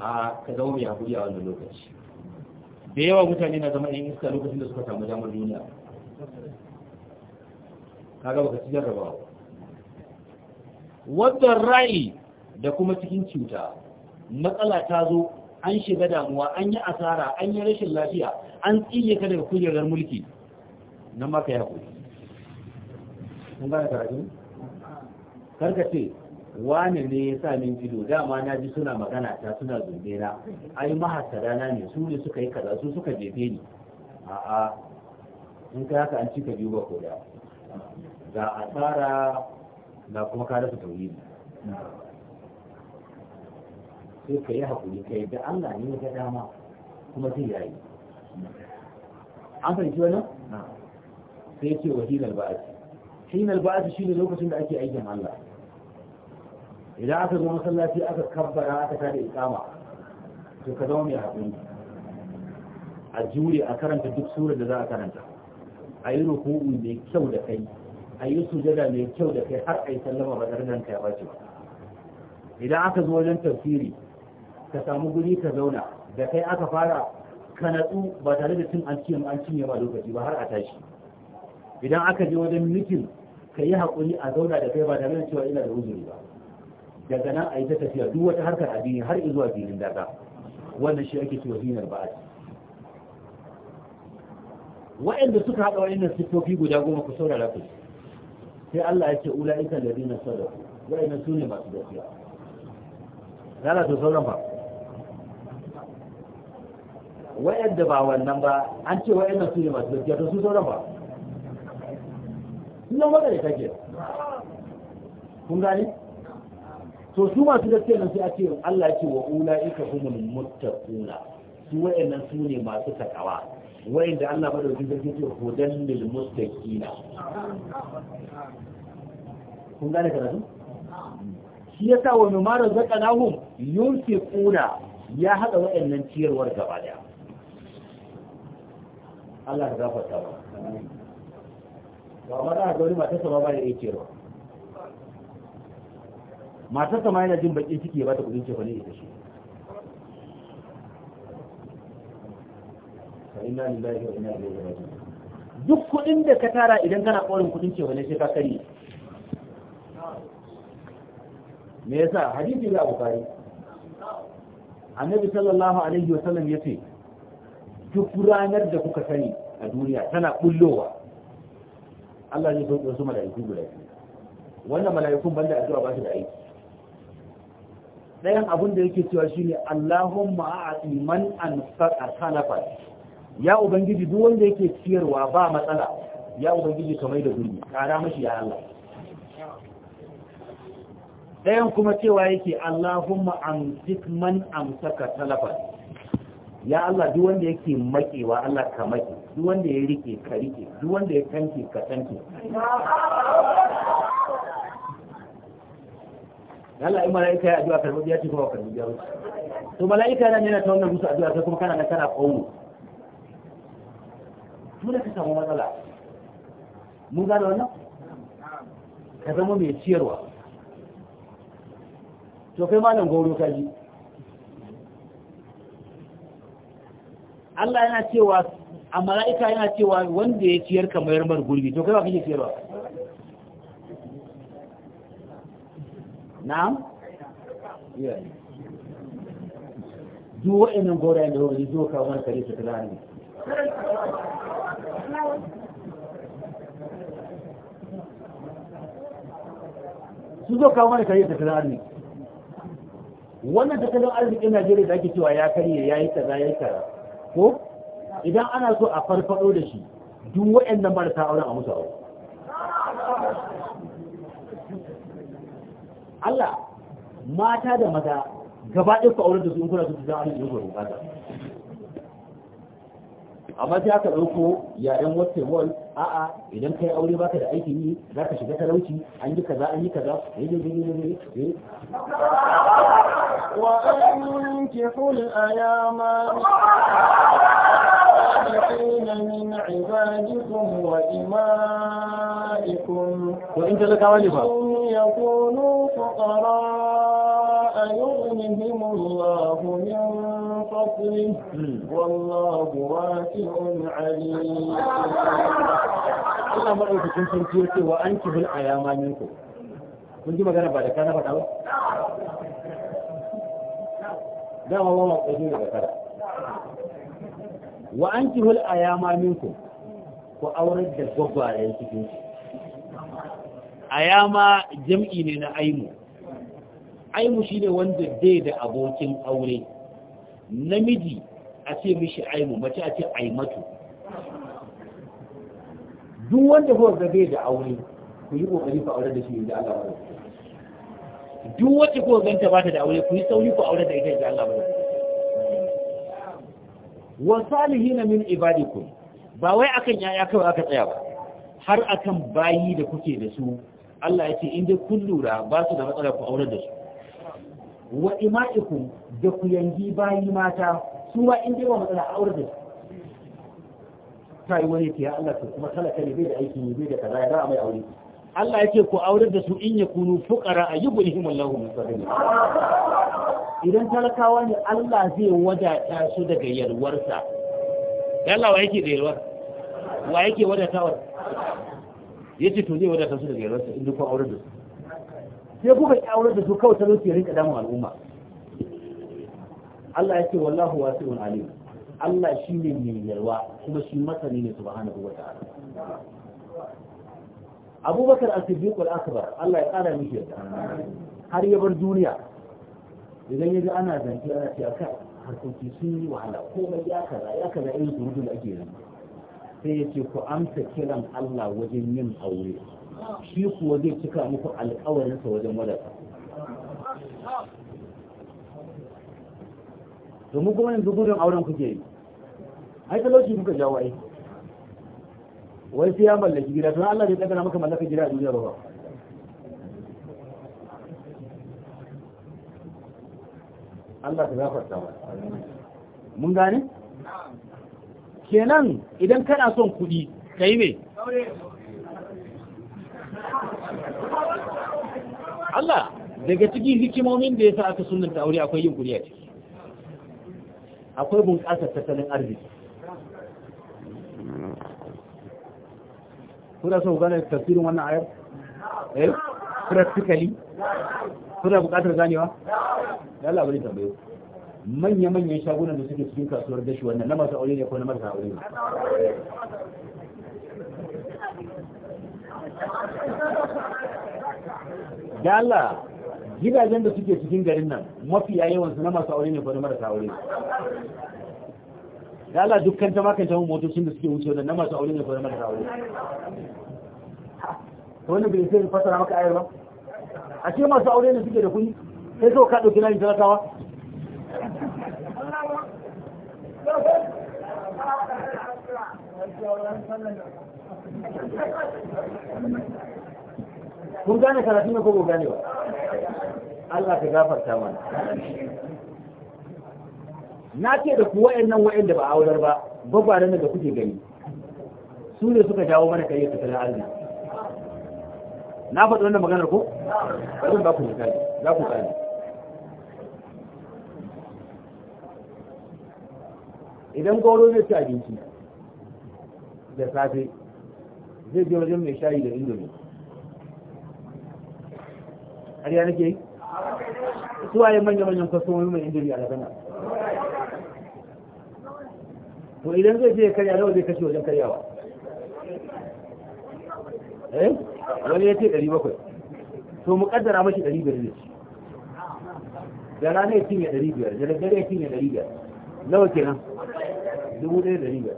Speaker 1: a ka zama mai haƙuri a wannan lokaci da yawa mutane na zama yan iska lokacin da suka samu damar duniya ka baka ci jarrabawa wannan ra'ayi da kuma cikin cuta matsala ta zo an shiga damuwa an yi asara an yi rashin lafiya an tsiye ka daga kujerar mulki nan ma ka yi gane karatu? karka ce wane ne ya sa min ido dama na ji suna magana ta suna zumbe na ai mahasada na ne su ne suka yi kaza su suka jefe ni a'a in ka haka an cika biyu ba ko da ga asara na kuma ka rasa tauhidi sai ka yi haƙuri ka da Allah ne ya dama kuma zai yayi an fahimci wannan sai ce wahilar ba'asi hinal ba'ati shine lokacin da ake aikin Allah idan aka zo masallaci aka kabbara aka tada ikama to ka zama mai haƙuri a jure a karanta duk surar da za a karanta a yi ruku'u mai kyau da kai a yi sujada mai kyau da kai har a yi sallama ba tare da ya bace ba idan aka zo wajen tafsiri ka samu guri ka zauna da kai aka fara ka ba tare da cin an cinye an lokaci ba har a tashi idan aka je wajen mikin. ka yi haƙuri a zauna da kai ba tare da cewa ina da uzuri ba daga nan a yi ta tafiya duk wata harkar addini har zuwa filin daga wannan shi ake cewa hinar ba'a wa'anda suka haɗa wa'annan siffofi guda goma ku saurara ku sai Allah ya ce ula'ikan da ku, sadaku wa'annan su ne masu gaskiya rana to sauran ba wa'anda ba wannan ba an ce wa'annan su ne masu gaskiya to su sauran ba sun wadda ne kake kun gani to su masu gaskiya nan sai a ce Allah ce wa ulaika humul muttaquna su wayannan su ne masu takawa wayanda Allah wajen sarki ce hudan lil muttaqina kun gane karatu shi yasa wa mimara zakanahum yunfiquna ya hada wayannan ciyarwar gaba daya Allah ya gafarta ba ba ma za a ga wani matarsa ba ba ya iya ciyarwa matarsa ma yana jin bakin ciki ya bata kudin cefa ne ita shi duk kudin da ka tara idan kana korin kudin cewa ne sai ka kari me yasa hadisi ya bukari annabi sallallahu alaihi wa sallam ce duk ranar da kuka sani a duniya tana bullowa Allah zai sauke wasu mala'iku guda biyu wannan mala'ikun banda addu'a ba su da aiki ɗayan abin da yake cewa shi shine Allahumma a'ti man anfaqa khalafa ya ubangiji duk wanda yake ciyarwa ba matsala ya ubangiji kamar da gurbi kara mashi ya Allah ɗayan kuma cewa yake Allahumma amsik man amsaka talafa ya Allah duk wanda yake makewa Allah ka make duk wanda ya rike ka rike duk wanda ya tanke ka tanke Allah in mala'ika ya addu'a karbi ya ce kuma karbi ya wuce to mala'ika nan yana ta wannan musu addu'a sai kuma kana nan kana kawo dole ka samu matsala mun gane wannan ka zama mai ciyarwa to kai malam gauro ka ji Allah yana cewa a mala'ika yana cewa wanda ya ciyar ka mayar mara gurbi to kai ba kake ciyarwa na'am yeah duk wa'annan gorayen wani zo kawo kare su ta zane su zo kawo mana kare tattalin arziki wannan tattalin arzikin najeriya da ake cewa ya karye ya yi kaza ya yi kaza ko idan ana so a farfado da shi duk wayannan marasa auren a musu aure Allah mata da maza gaba ɗaya ku aure da su in kuna so su zama amma sai aka ɗauko yayan wata wall a'a idan kai aure baka da aikin yi za ka shiga talauci an yi kaza an yi kaza
Speaker 2: وأنكحوا الأيام الصالحين من عبادكم فضله والله واسع fi
Speaker 1: Allah maɗaukakin
Speaker 2: sarki ya ce wa an kihil a yama minku
Speaker 1: kun ji magana ba da kana faɗa ba dama ba ma da daga kada wa an kihil a yama minku ku aurar da gwagwayen cikin shi a yama jam'i ne na aimu aimu ne wanda bai da abokin aure namiji a ce mishi aimu mace a ce aimatu duk wanda kuwa gabe da aure ku yi kokari ku aure da shi da Allah ba duk wacce kuwa ganta ba ta da aure ku yi sauri ku aure da ita da Allah ba wa salihina min ibadikum ba wai akan yaya kawai aka tsaya ba har akan bayi da kuke da su Allah ya ce in dai kun lura ba su da matsala ku aure da su wa ima'ikum da ku yangi bayi mata su ma in dai ba matsala aure ta yi wani ya Allah ku kuma talaka ne bai da aiki ne bai da kaza ya za mai aure Allah yake ku aure da su in ya kunu fuqara ayyubihim Allahu min fadli idan talakawa ne Allah zai wadata su daga yalwarsa Allah wa yake da yalwar wa yake wadatawa yace to zai wadata su daga yalwarsa in duk aure da su sai kuka yi aure da su kawai talauci ya rinka damun al'umma Allah ya ce wallahu wasi'un alim Allah shi ne mai yalwa kuma shi masani ne subhanahu wa ta'ala Abubakar As-Siddiq al-Akbar Allah ya kara mishi har ya bar duniya idan ya ana zance ana ce akai harkoki sun yi wahala komai ya kaza ya kaza irin surutun da ake yi sai ya ce ku amsa kiran Allah wajen yin aure shi kuwa zai cika muku sa wajen wadata domin kuma yanzu gudun auren kuke yi ai talauci kuka jawo ai wai sai ya mallaki gida to Allah zai kaddara maka mallaka gida a duniya ba Allah ta gafarta ba mun gane kenan idan kana son kuɗi kai me Allah daga cikin hikimomin da ya sa aka sunanta aure akwai yin kuriya ciki akwai bunƙasar tattalin arziki kuna so gane tafsirin wannan ayar eh practically kuna buƙatar ganewa ya Allah bari tambayo manya manyan shagunan da suke cikin kasuwar gashi wannan na masu aure ne ko na marasa aure ne dala gidajen da suke cikin garin nan mafi yawan su na masu aure ne bari marasa aure dala dukkan ta makanta mun motocin da suke wuce na masu aure ne bari marasa aure to wannan bai sai fasara maka ayar ba a ce masu aure ne suke da kuni, sai zo ka dauki nan talakawa
Speaker 3: Thank you. kun gane karatu
Speaker 1: ne ko ba gane ba Allah ka gafarta mana na ce da ku wa'annan wa'anda ba aular ba bagwaren da kuke gani su ne suka jawo mana kai ta tsara Allah na faɗi wannan maganar ko bari ba ku misali za ku gane idan goro ne ta abinci da safe zai je wajen mai shayi da indomi ƙarya nake yi su waye manya-manyan kwastomomi mai injiri a lagana to idan zai je karya nawa zai kashe wajen karyawa
Speaker 3: eh wani ya ce ɗari bakwai
Speaker 1: to mu kaddara mashi ɗari biyar ne da rana ya cinye ɗari biyar da daddare ya cinye ɗari biyar nawa kenan dubu ɗaya ɗari biyar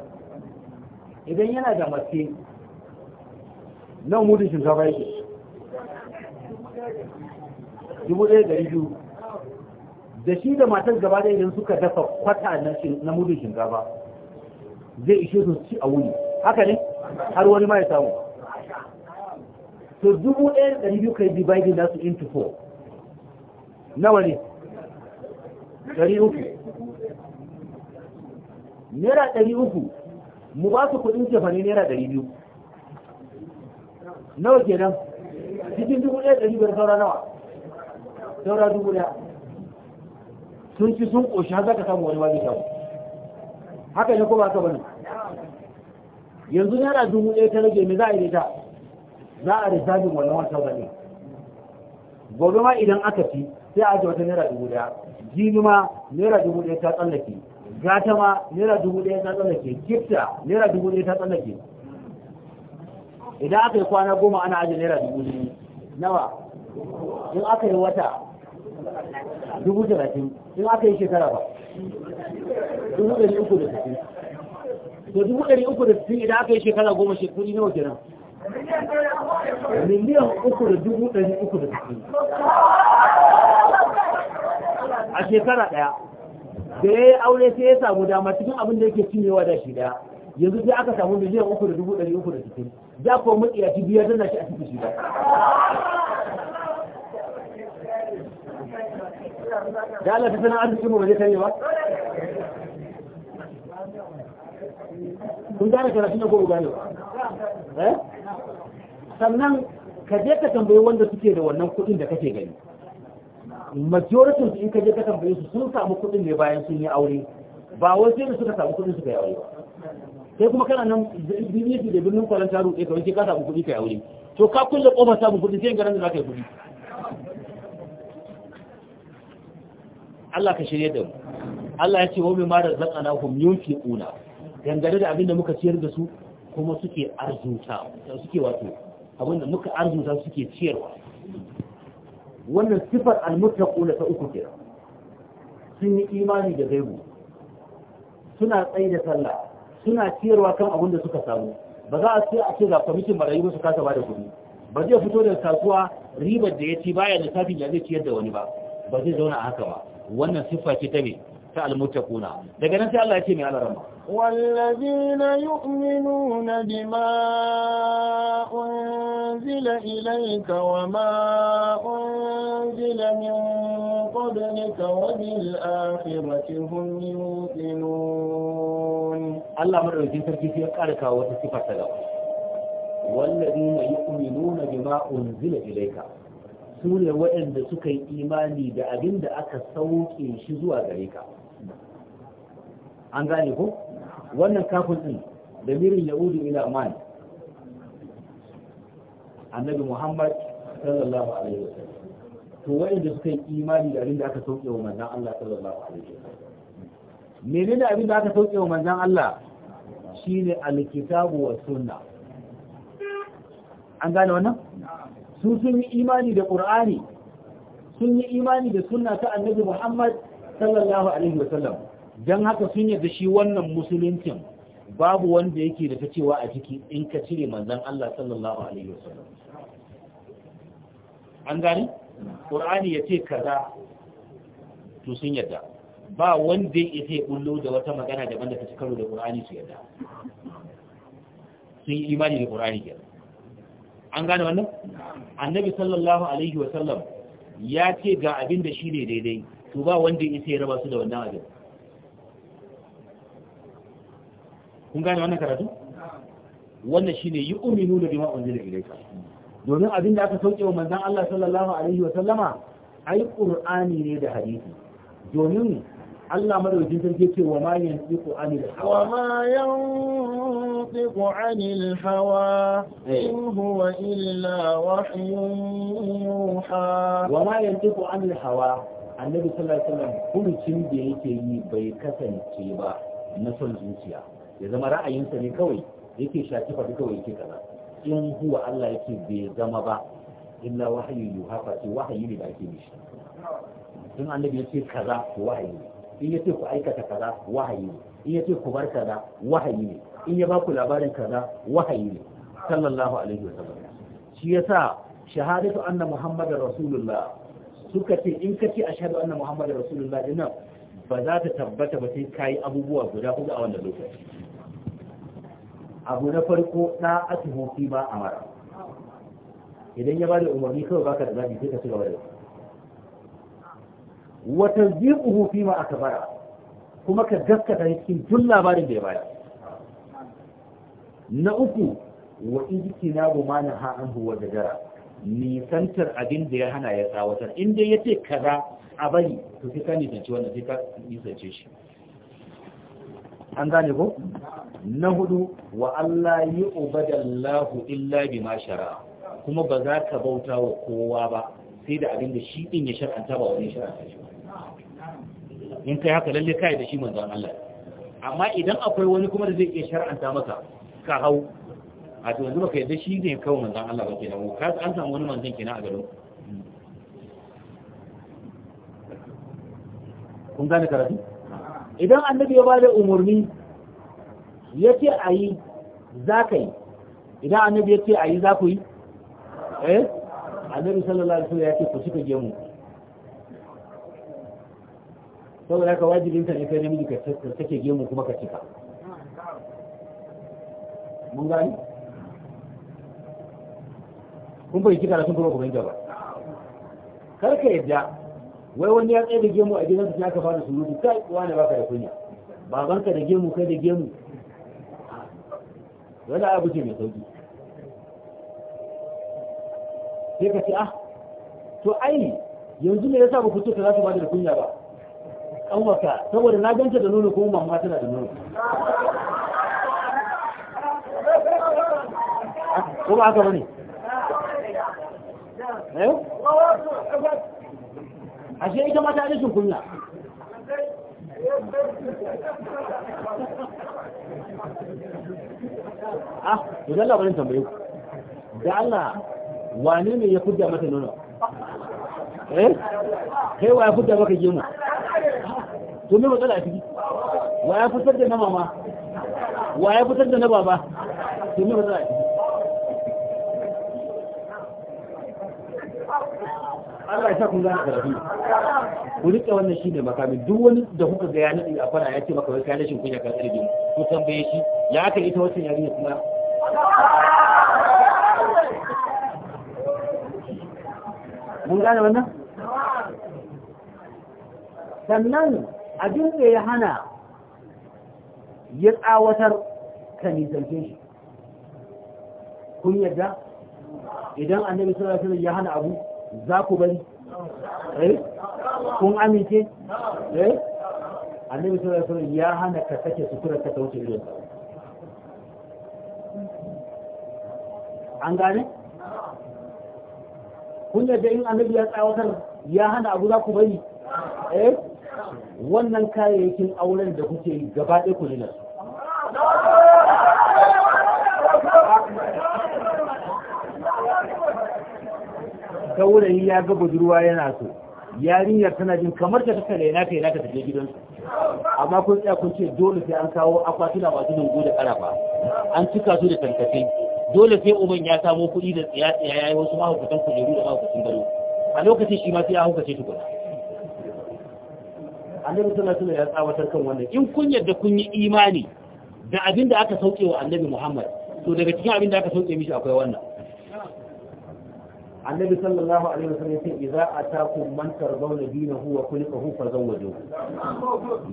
Speaker 1: idan yana da mace nan mudun shinkafa yake dubu ɗaya ɗari biyu da shi da matar gaba ɗaya idan suka dafa kwata na mudun shinkafa zai ishe su ci a wuni haka ne har wani ma ya samu to dubu ɗaya da ɗari biyu kai dividing nasu into four nawa ne ɗari uku Nera ɗari uku mu ba su kuɗin jefane nera ɗari biyu nawa kenan cikin dubu ɗaya da
Speaker 2: ɗari biyar saura nawa
Speaker 1: saura dubu daya sun ci sun ƙoshi har za ka samu wani wani samu haka ne kuma haka bane yanzu naira dubu ɗaya ta rage me za a yi ta za a risabin wannan wani saura ne gobe ma idan aka ci sai a wata naira dubu ɗaya, jini ma naira dubu ɗaya ta tsallake gata ma naira dubu ɗaya ta tsallake kifta naira dubu ɗaya ta tsallake idan aka yi kwana goma ana ajiye naira dubu ɗaya nawa in aka yi wata
Speaker 3: dubu talatin
Speaker 1: in aka yi shekara ba
Speaker 3: dubu ɗari uku da sittin to dubu ɗari uku da sittin idan
Speaker 1: aka yi shekara goma shekaru nawa kenan miliyan uku da dubu ɗari uku da sittin a shekara ɗaya da ya yi aure sai ya samu dama cikin abin da yake cinyewa da shi ɗaya yanzu sai aka samu miliyan uku da dubu ɗari uku da sittin za ku ko matsiyaci biyar dana shi a cikin shi ba
Speaker 3: da Allah ta sanar arzikin mu ba zai kare ba kun gane karatun nan ko gane eh
Speaker 1: sannan ka je ka tambayi wanda suke da wannan kuɗin da kake gani majoritin su in ka je ka tambaye su sun samu kuɗin ne bayan sun yi aure ba wai sai da suka samu kuɗin suka yi aure sai kuma kana nan bibi da birnin kwalanta ruɗe ka wuce ka samu kuɗi ka yi aure to ka kulle kofar samun kuɗi sai in garin da za ka yi kuɗi Allah ka shirye da mu Allah ya ce wa mimma razaqnahum yunfiquna dangane da abinda muka ciyar da su kuma suke arzuta suke wato abinda muka arzuta suke ciyarwa wannan sifar almuttaquna ta uku kira sun yi imani da gaibu suna tsaye da sallah suna ciyarwa kan abin da suka samu ba za a ce a ce ga kwamitin marayu su kasa ba da kuɗi ba zai fito da kasuwa ribar da ya ci baya safin ya zai ciyar da wani ba ba zai zauna a haka ba wannan siffa ce ta ne ta almuttaquna daga nan sai Allah ya ce mai alarama
Speaker 2: wallazina yu'minuna bima unzila ilayka wama unzila min qablika wa bil akhirati hum yuqinun Allah
Speaker 1: madaukakin sarki sai ya ƙara kawo wata siffa ta gaba wallazina yu'minuna bima unzila ilayka su ne waɗanda suka yi imani da abin da aka sauke shi zuwa gare ka an gane ko wannan kafin din da mirin ya'udu ila man annabi muhammad sallallahu alaihi wasallam to waɗanda suka yi imani da abin da aka sauke wa manzan allah sallallahu alaihi wasallam menene abin da aka sauke wa manzan allah shine alkitabu wa sunna an gane wannan su sun yi imani da qur'ani sun yi imani da suna ta annabi muhammad sallallahu alaihi wasallam don haka sun yarda shi wannan musuluncin babu wanda yake da ta cewa a ciki in ka cire manzan Allah sallallahu alaihi wasallam an gani qur'ani ka kaza to sun yarda ba wanda ya ce bullo da wata magana daban da ta ci karo da Qur'ani su yarda sun yi imani da Qur'ani kenan an gane wannan annabi sallallahu alaihi wasallam ya ce ga abin da shi ne daidai to ba wanda ya isa raba su da wannan abin kun gane wannan karatu wannan shine yi uminu da bima unzila ilayka domin abin da aka sauke wa manzon Allah sallallahu alaihi wasallama ai qur'ani ne da hadisi domin Allah madaukakin sarki ce wa ma yantiqu anil hawa wa
Speaker 2: ma yantiqu anil hawa eh. in huwa illa wahyun yuha wa ma yantiqu anil hawa annabi sallallahu alaihi wasallam furucin da yake
Speaker 1: yi bai kasance ba na son zuciya ya zama ra'ayinsa ne kawai yake shafi fa kawai yake kaza in huwa Allah yake bai zama ba illa wahyu yuha fa wahayi ne da ake mishi in annabi yake kaza to ne in yace ku aikata kaza wahayi ne in yace ku bar kaza wahayi ne in ya ku labarin kaza wahayi ne sallallahu alaihi wa sallam. shi yasa shahadatu anna muhammadar rasulullah suka ce in ka ce ashhadu anna muhammadar rasulullah dinnan ba za ta tabbata ba sai kayi abubuwa guda huɗu a wannan lokaci abu na farko da atuhu fi ba amara idan ya bada umarni kawai baka da zabi sai ka ci gaba da shi. wata tasdiquhu fi ma bara, kuma ka gaskata cikin tun labarin da ya bayar na uku wa ijtina bu ma huwa nisantar abin da ya hana ya tsawatar in dai yace kaza a bari to sai ka nisanci wannan sai ka nisance shi an gane ko na hudu wa Allah yi ubadallahu illa ma shara'a, kuma ba za ka bauta wa kowa ba sai da abin da shi din ya shar'anta ba wani shar'anta shi in kai haka lalle kai da shi manzon Allah amma idan akwai wani kuma da zai iya shar'anta maka ka hau a to yanzu baka yadda shi ne kawai manzon Allah ba kenan ka san san wani manzon kenan a garin kun gane karatu idan annabi ya bada umarni ya ce a yi za idan annabi ya ce a yi za ku yi eh annabi sallallahu alaihi wasallam ya ce ku cika gemu saboda haka wajibin ka ne kai namiji ka take gemu kuma ka cika mun gani kun bai kika da sun kuma kuma ba kar ka yadda wai wani ya tsaye da gemu a gidansa sai aka fara surutu kai wani baka da kunya ka da gemu kai da gemu wani abu ce mai sauki sai ka ce ah to ai yanzu ne yasa ba ku ka za su ba da kunya ba kanwaka saboda na ganta da nuna kuma mamma tana da nuna
Speaker 3: ko ba haka bane eh
Speaker 1: ashe ita mata ne sun kunya ah idan Allah bane tambaye ku da Allah wane ne ya fudda mata nuna
Speaker 3: eh kai wa ya fudda maka gemu to me
Speaker 1: matsala a ciki wa ya fitar da na mama wa ya fitar da na baba to me matsala a ciki
Speaker 3: Allah ya sa kun gane karatu ku rike
Speaker 1: wannan shi ne makami duk wani da kuka ga ya nadi a fara ya ce maka wai kai kun ya ka ne ku tambaye shi ya aka ita wacce yarinya kuma mun gane wannan sannan abin da ya hana ya tsawatar ka nisance shi kun yadda idan annabi sallallahu alaihi ya hana abu za ku bari eh kun amince eh annabi sallallahu alaihi ya hana ka sake suturar ka tauce irin an gane kun yadda in annabi ya tsawatar ya hana abu za ku bari eh wannan kayayyakin auren da kuke gaba ɗaya ku nuna saurayi ya ga budurwa yana so yarinyar tana jin kamar da kaka raina ta yana ta tafi gidansu amma kun tsaya kun ce dole sai an kawo akwatuna masu dungu da karafa an cika su da tankafe dole sai uban ya samo kuɗi da tsiya tsiya ya yi wasu mahaukatan kujeru da mahaukatan gado a lokacin shi ma sai ya haukace tukuna annabi sallallahu alaihi ya tsawatar kan wannan in kun yadda kun yi imani da abin da aka sauke wa annabi Muhammad to daga cikin abin da aka sauke mishi akwai wannan annabi
Speaker 2: sallallahu alaihi
Speaker 1: wasallam yace idza atakum man tardawna dinahu wa kulluhu fazawwaju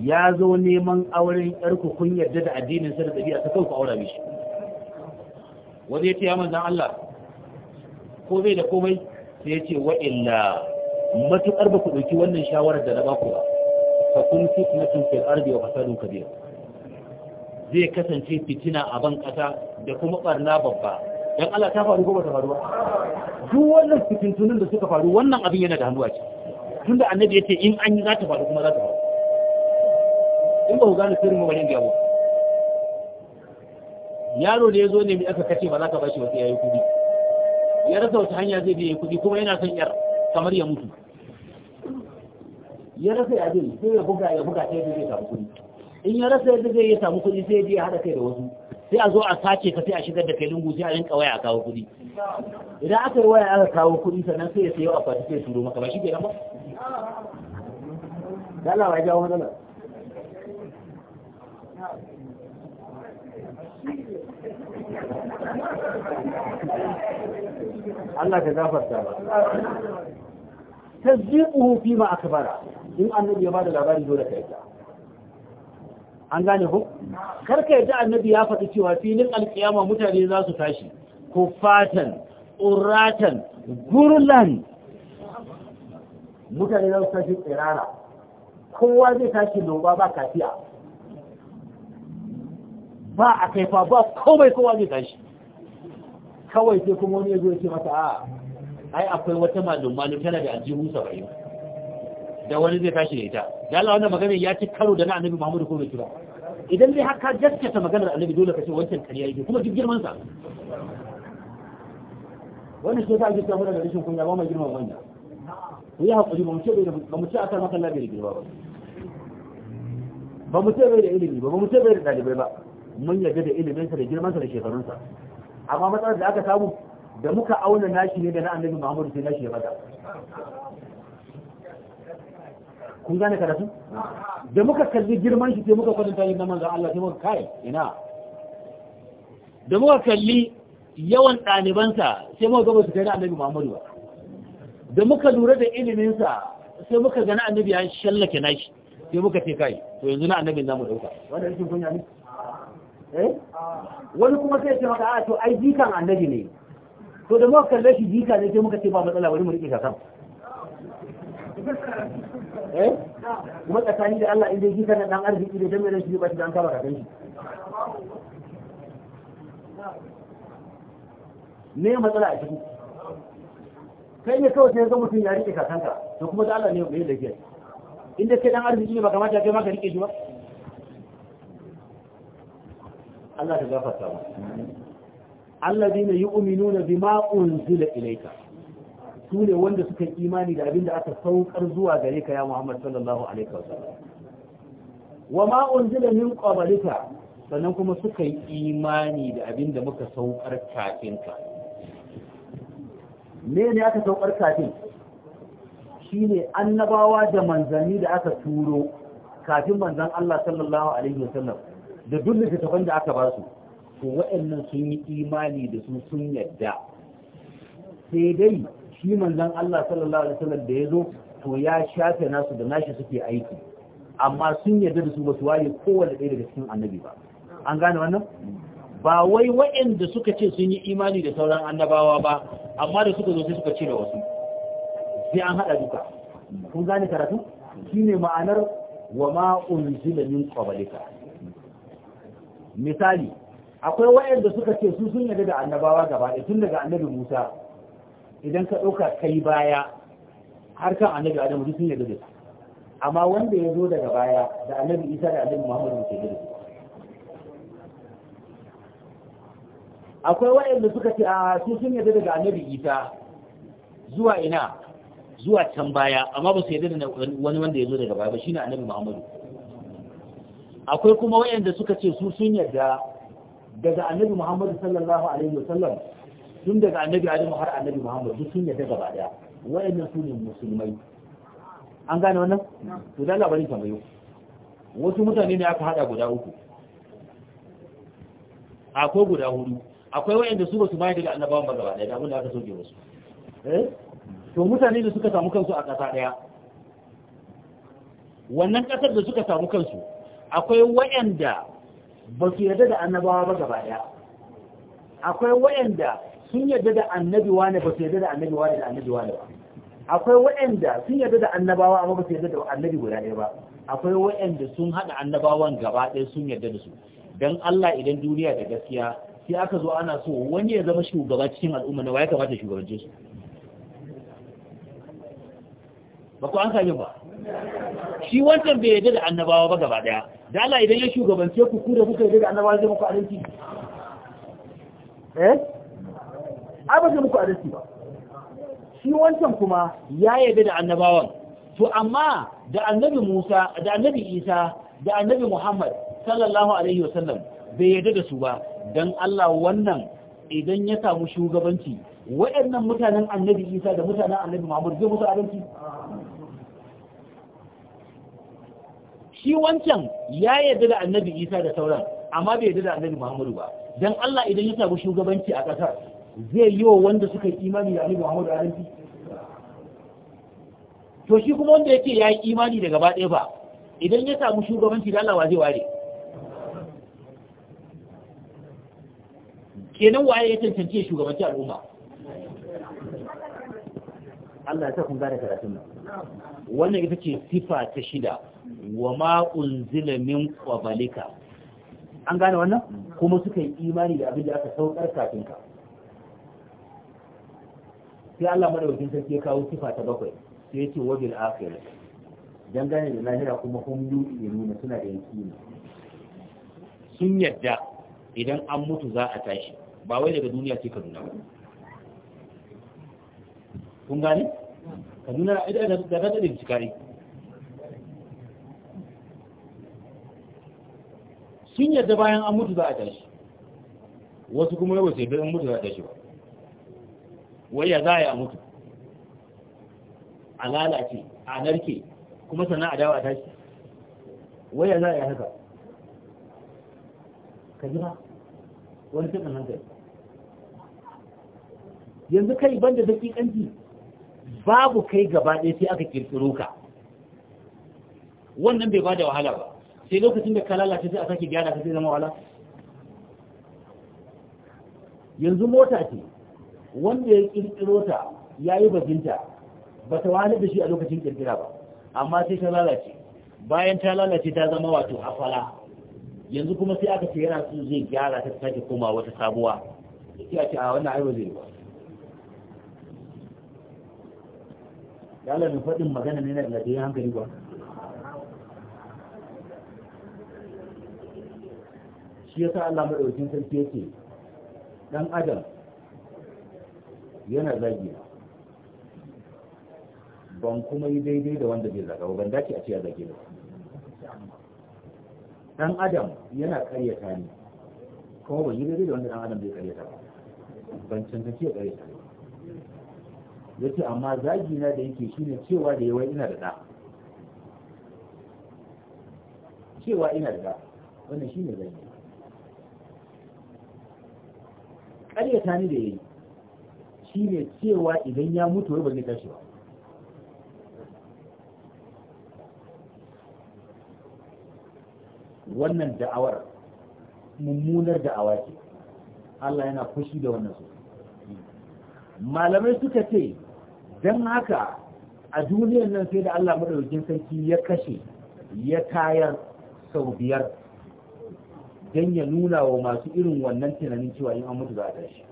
Speaker 1: ya zo neman auren yarku kun yarda da addinin sa da dabi'a ta kanku aura mishi wanda yace ya manzan Allah ko bai da komai sai yace wa illa matukar ba ku dauki wannan shawarar da na baku ba takun fitnatun fil ardi wa fasadun kabir zai kasance fitina a ban kasa da kuma barna babba dan Allah ta faru ko ba ta faru duk wannan fitintunin da suka faru wannan abin yana da hannu a ciki tunda annabi yace in an yi za ta faru kuma za ta faru in ba ku gane sirrin mabarin gabo yaro da ya zo ne mai aka kace ba za ka bashi wasu yayi kudi ya rasa wata hanya zai biya kudi kuma yana son yar kamar ya mutu ya rasa abin sai ya buga ya buga sai zai samu kuɗi in ya rasa yadda zai ya samu kuɗi sai ya haɗa kai da wasu sai a zo a sace ka sai a shigar da kai lungu sai a rinka waya a kawo kuɗi idan aka yi waya aka kawo kuɗi sannan sai ya sayo a fata sai turo maka ba shi kenan ba
Speaker 3: Allah ba ya jawo matsala Allah ka gafarta ba
Speaker 1: tasdiquhu fima akbara in annabi ya bada labari dole kai yadda an gane ku karka yadda annabi ya faɗi cewa filin alkiyama mutane za su tashi fatan, uratan gurlan mutane za su tashi tsirara kowa zai tashi loba ba kafiya ba a kaifa ba komai kowa zai tashi kawai sai kuma wani ya zo ya ce mata a ai akwai wata malumma tana da aljihu saba'in da wani zai tashi da ita da Allah wannan magana ya ci karo da na annabi Muhammad ko bai ci ba idan dai haka gaskata maganar annabi dole ka ce wancan kariya yake kuma duk girman sa wannan shi ta ake samu da rashin kunya ba mai girman wannan ku yi hakuri ba mu ce ba mu ce akan maka lafiya da girma ba ba mu ce bai da ilimi ba ba mu ce bai da dalibai ba mun yarda da ilimin sa da girman sa da shekarun sa amma matsalar da aka samu da muka auna nashi ne da na annabi muhammadu sai nashi ya bada
Speaker 3: kun gane karatu da muka
Speaker 1: kalli girman shi sai muka yi yin manzan Allah sai muka kai ina da muka kalli yawan ɗalibansa sai muka gaba su kai na annabi Muhammadu ba da muka lura da iliminsa sai muka gana annabi ya shallake nashi sai muka ce kai to yanzu na annabin mu dauka wanda yake kunya ne eh? wani kuma sai ya ce maka a to ai jikan annabi ne to da muka kalle shi jika ne sai muka ce ba matsala wani mu rike sama.
Speaker 3: eh kuma
Speaker 1: tsakani da Allah in dai kika na dan arziki da jami'ar shi ba shi dan kaba kadan shi ne matsala a ciki kai ne kawai sai ga mutum ya rike kakanka to kuma da Allah ne mai lafiya inda kai dan arziki ne ba kamata kai ma ka rike shi ba Allah ta gafarta mu alladhina yu'minuna bima unzila ilayka su ne wanda suka yi imani da abin da aka saukar zuwa gare ka ya Muhammad sallallahu alaihi wasallam wa ma unzila min qablika sannan kuma suka yi imani da abin da muka saukar kafin ka me ne aka saukar kafin shine annabawa da manzanni da aka turo kafin manzan Allah sallallahu alaihi wasallam da duk littattafan da aka ba su to waɗannan sun yi imani da su sun yadda sai dai shi manzon Allah sallallahu alaihi wasallam da yazo to ya shafe nasu da nashi suke aiki amma sun yarda da su ba su waye kowanne ɗaya daga cikin annabi ba an gane wannan ba wai waɗanda suka ce sun yi imani da sauran annabawa ba amma da suka zo sai suka ce da wasu sai an haɗa duka kun gane karatu shine ma'anar wa ma unzila min qablika misali akwai waɗanda suka ce su sun yarda da annabawa gaba ɗaya tun daga annabi Musa idan ka ɗauka kai baya har kan annabi adamu duk sun yarda da su amma wanda ya zo daga baya da annabi isa da annabi muhammadu ke da su akwai waɗanda suka ce a su sun yarda daga annabi isa zuwa ina zuwa can baya amma ba su yarda da wani wanda ya zo daga baya ba shine annabi muhammadu akwai kuma waɗanda suka ce su sun yarda daga annabi muhammadu sallallahu alaihi wasallam tun daga annabi adamu har annabi muhammad duk sun yadda gaba daya wayannan su ne musulmai an gane wannan to da labarin tambayo wasu mutane ne aka hada guda uku akwai guda hudu akwai wayanda su ba su bayar daga annabawan ba gaba daya abinda da aka soke wasu eh to mutane da suka samu kansu a ƙasa daya wannan kasar da suka samu kansu akwai wayanda ba su yarda da annabawa ba gaba daya akwai wayanda sun yarda da annabi wane ba su yarda da annabi wane da annabi wane ba akwai waɗanda sun yarda da annabawa amma ba su yarda da annabi guda ɗaya ba akwai waɗanda sun haɗa annabawan gaba ɗaya sun yarda da su dan Allah idan duniya da gaskiya sai aka zo ana so wani ya zama shugaba cikin al'umma na waye kamata shugabance su ba ku an sami ba shi wancan bai yarda da annabawa ba gaba ɗaya da Allah idan ya shugabance ku ku da kuka yarda da annabawa zai muku adalci eh ai muku adalci ba shi wancan kuma ya yabe da annabawan to amma da annabi Musa da annabi Isa da annabi Muhammad sallallahu alaihi wasallam bai yarda da su ba dan Allah wannan idan ya samu shugabanci waɗannan mutanen annabi Isa da mutanen annabi Muhammad zai musu adalci shi wancan ya yarda da annabi Isa da sauran amma bai yarda da annabi Muhammadu ba dan Allah idan ya samu shugabanci a ƙasar zai yi wa wanda suka yi imani da annabi Muhammad aranti to shi kuma wanda yake ya yi imani da gaba ɗaya ba idan ya samu shugabanci da Allah zai ware kenan waye ya tantance shugabanci al'umma Allah ya sa kun gane karatun nan wannan ita ce sifa ta shida wa ma unzila min qablika an gane wannan kuma suka yi imani da abin da aka saukar kafin ka sai Allah madaukakin sarki ya kawo sifa ta bakwai sai ya ce wabil akhirah dangane da lahira kuma hum yu'minuna suna da yakini sun yadda idan an mutu za a tashi ba wai daga duniya ce Kaduna ba kun gane Kaduna idan da da cikari sun yadda bayan an mutu za a tashi wasu kuma yau sai bayan mutu za a tashi ba waya za a yi a mutu a lalace a narke kuma sannan a dawa tashi waya za a yi haka ka jira wani cikin hankali yanzu kai banda kanji babu kai gaba ɗaya sai aka kirkiro ka wannan bai bada wahala ba sai lokacin da ka lalace sai a sake gyara ka sai zama wahala yanzu mota ce wanda ya kirkiro ta ya yi bakinta ba ta wani da shi a lokacin kirkira ba amma sai ta lalace bayan ta lalace ta zama wato hafala yanzu kuma sai aka ce yana su zai gyara ta sake koma wata sabuwa sai a ce a wannan aiwa zai ba yala faɗin magana ne na ya hankali ba shi ya yasa Allah madaukakin sarki yake dan adam yana zagi ban kuma yi daidai da wanda bai zaga ba ban dace a ce ya zage ba dan adam yana karyata ni kuma ban yi daidai da wanda dan adam bai karyata ba ban cancanci ya karyata ya ce amma zagi na da yake shine cewa da yawan ina da ɗa cewa ina da ɗa wannan shine zagi karyata ni da yayi Shi ne cewa idan ya mutu wai ba zai tashi ba wannan da'awar mummunar da'awa ce Allah yana fushi da wannan su malamai suka ce don haka a duniyar nan sai da Allah madaukakin sarki ya kashe ya tayar sau biyar don ya nuna wa masu irin wannan tunanin cewa in an mutu za a tashi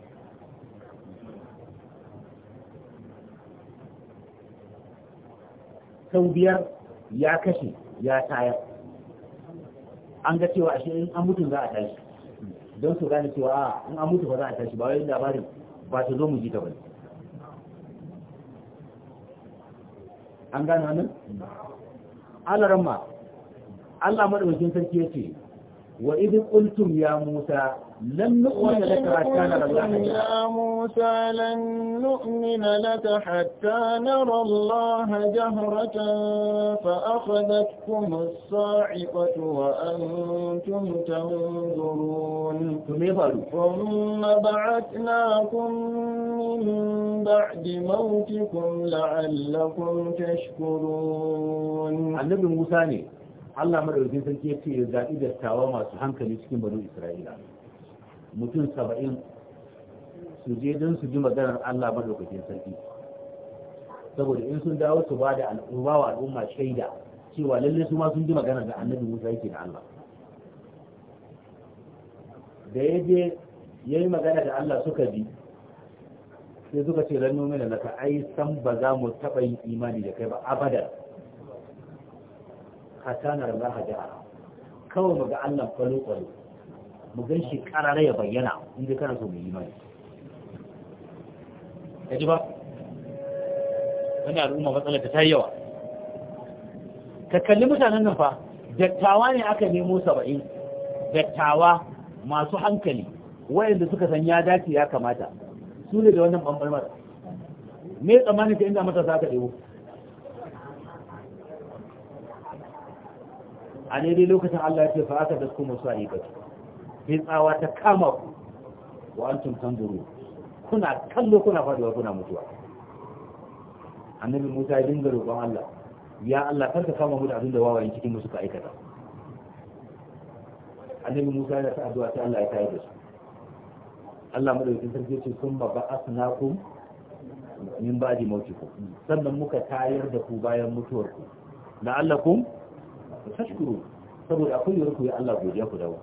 Speaker 1: sau biyar ya kashe ya tayar an ga cewa ashe in an mutu za a tashi don su gane cewa ah, in an mutu ba za a tashi ba wani labarin ba ta zo mu ji ta bane an gane wannan mm. alaramma Allah madaukakin sarki yace وإذ قلتم يا موسى لن نؤمن لك حتى نرى الله يا
Speaker 2: موسى لن نؤمن لك حتى نرى الله جهرة فأخذتكم الصاعقة وأنتم تنظرون ثم بعثناكم من بعد موتكم لعلكم تشكرون النبي موسى Allah madaukakin sarki
Speaker 1: ya ce ya zaɓi dattawa masu hankali cikin banu Isra'ila mutum saba'in su je don su ji maganar Allah madaukakin sarki saboda in sun dawo su ba da al'umma wa al'umma shaida cewa lalle su ma sun ji maganar da annabi Musa yake da Allah da ya je ya yi magana da Allah suka bi sai suka ce mai da laka ai san ba za mu taɓa yin imani da kai ba abada hatta na raza hajara kawai ga Allah kwalo kwalo mu gan shi karara ya bayyana in kana so mu yi mai ya ji ba wani al'umma matsalar ta yi yawa ka kalli mutanen nan fa dattawa ne aka nemo saba'in dattawa masu hankali wayanda suka san ya dace ya kamata su ne da wannan bambarmar me tsammanin ka inda za ka ɗebo a dai lokacin Allah ya ce fa aka dasko musu aibatu sai tsawa ta kama ku wa antum tanzuru kuna kallo kuna faduwa kuna mutuwa annabi Musa ya dinga roƙon Allah ya Allah ka kama mu da abin da wawayen cikin musu suka aikata annabi Musa ya ta addu'a Allah ya tayar da su Allah madaukakin sarki ce sun ba ba'asnakum min ba'di mautikum sannan muka tayar da ku bayan mutuwarku la'allakum tashkuru saboda akwai yarku ya Allah godiya ku dawo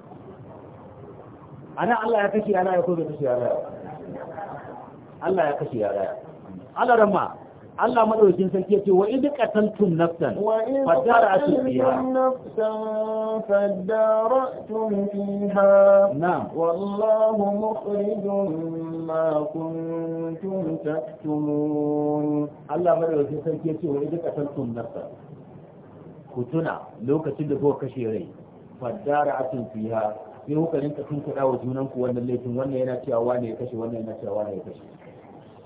Speaker 1: ana Allah ya kashe ana ya kobe kashi ana Allah ya kashe yana Allah ma Allah madaukin sarki yace wa idh qataltum nafsan fadara'tum fiha
Speaker 2: nafsan fadara'tum fiha na'am wallahu mukhrijum ma kuntum taktumun Allah madaukin sarki yace wa idh qataltum nafsan
Speaker 1: kutuna lokacin da kuka kashe rai fadara atun fiha sai kuka rinka tun kuɗa wa junan ku wannan laifin wannan yana cewa wane ya kashe wannan yana cewa wane ya kashe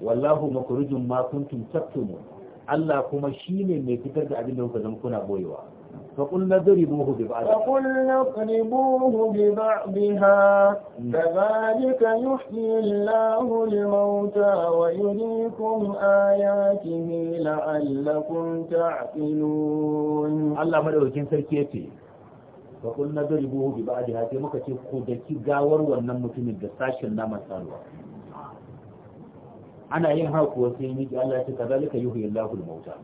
Speaker 1: wallahu makurujun ma kuntum taktumu Allah kuma shine mai fitar da abin da kuka zama kuna boyewa فقلنا اضربوه ببعضها
Speaker 2: فقلنا اضربوه ببعضها كذلك يحيي الله الموتى ويريكم آياته لعلكم تعقلون الله مدوكين سركيتي
Speaker 1: فقلنا اضربوه ببعضها كما كتب خدكي غاور wannan mutumin da sashin naman sarwa ana yin haku wasu yi miki Allah ya ce kazalika yuhyi Allahul mauta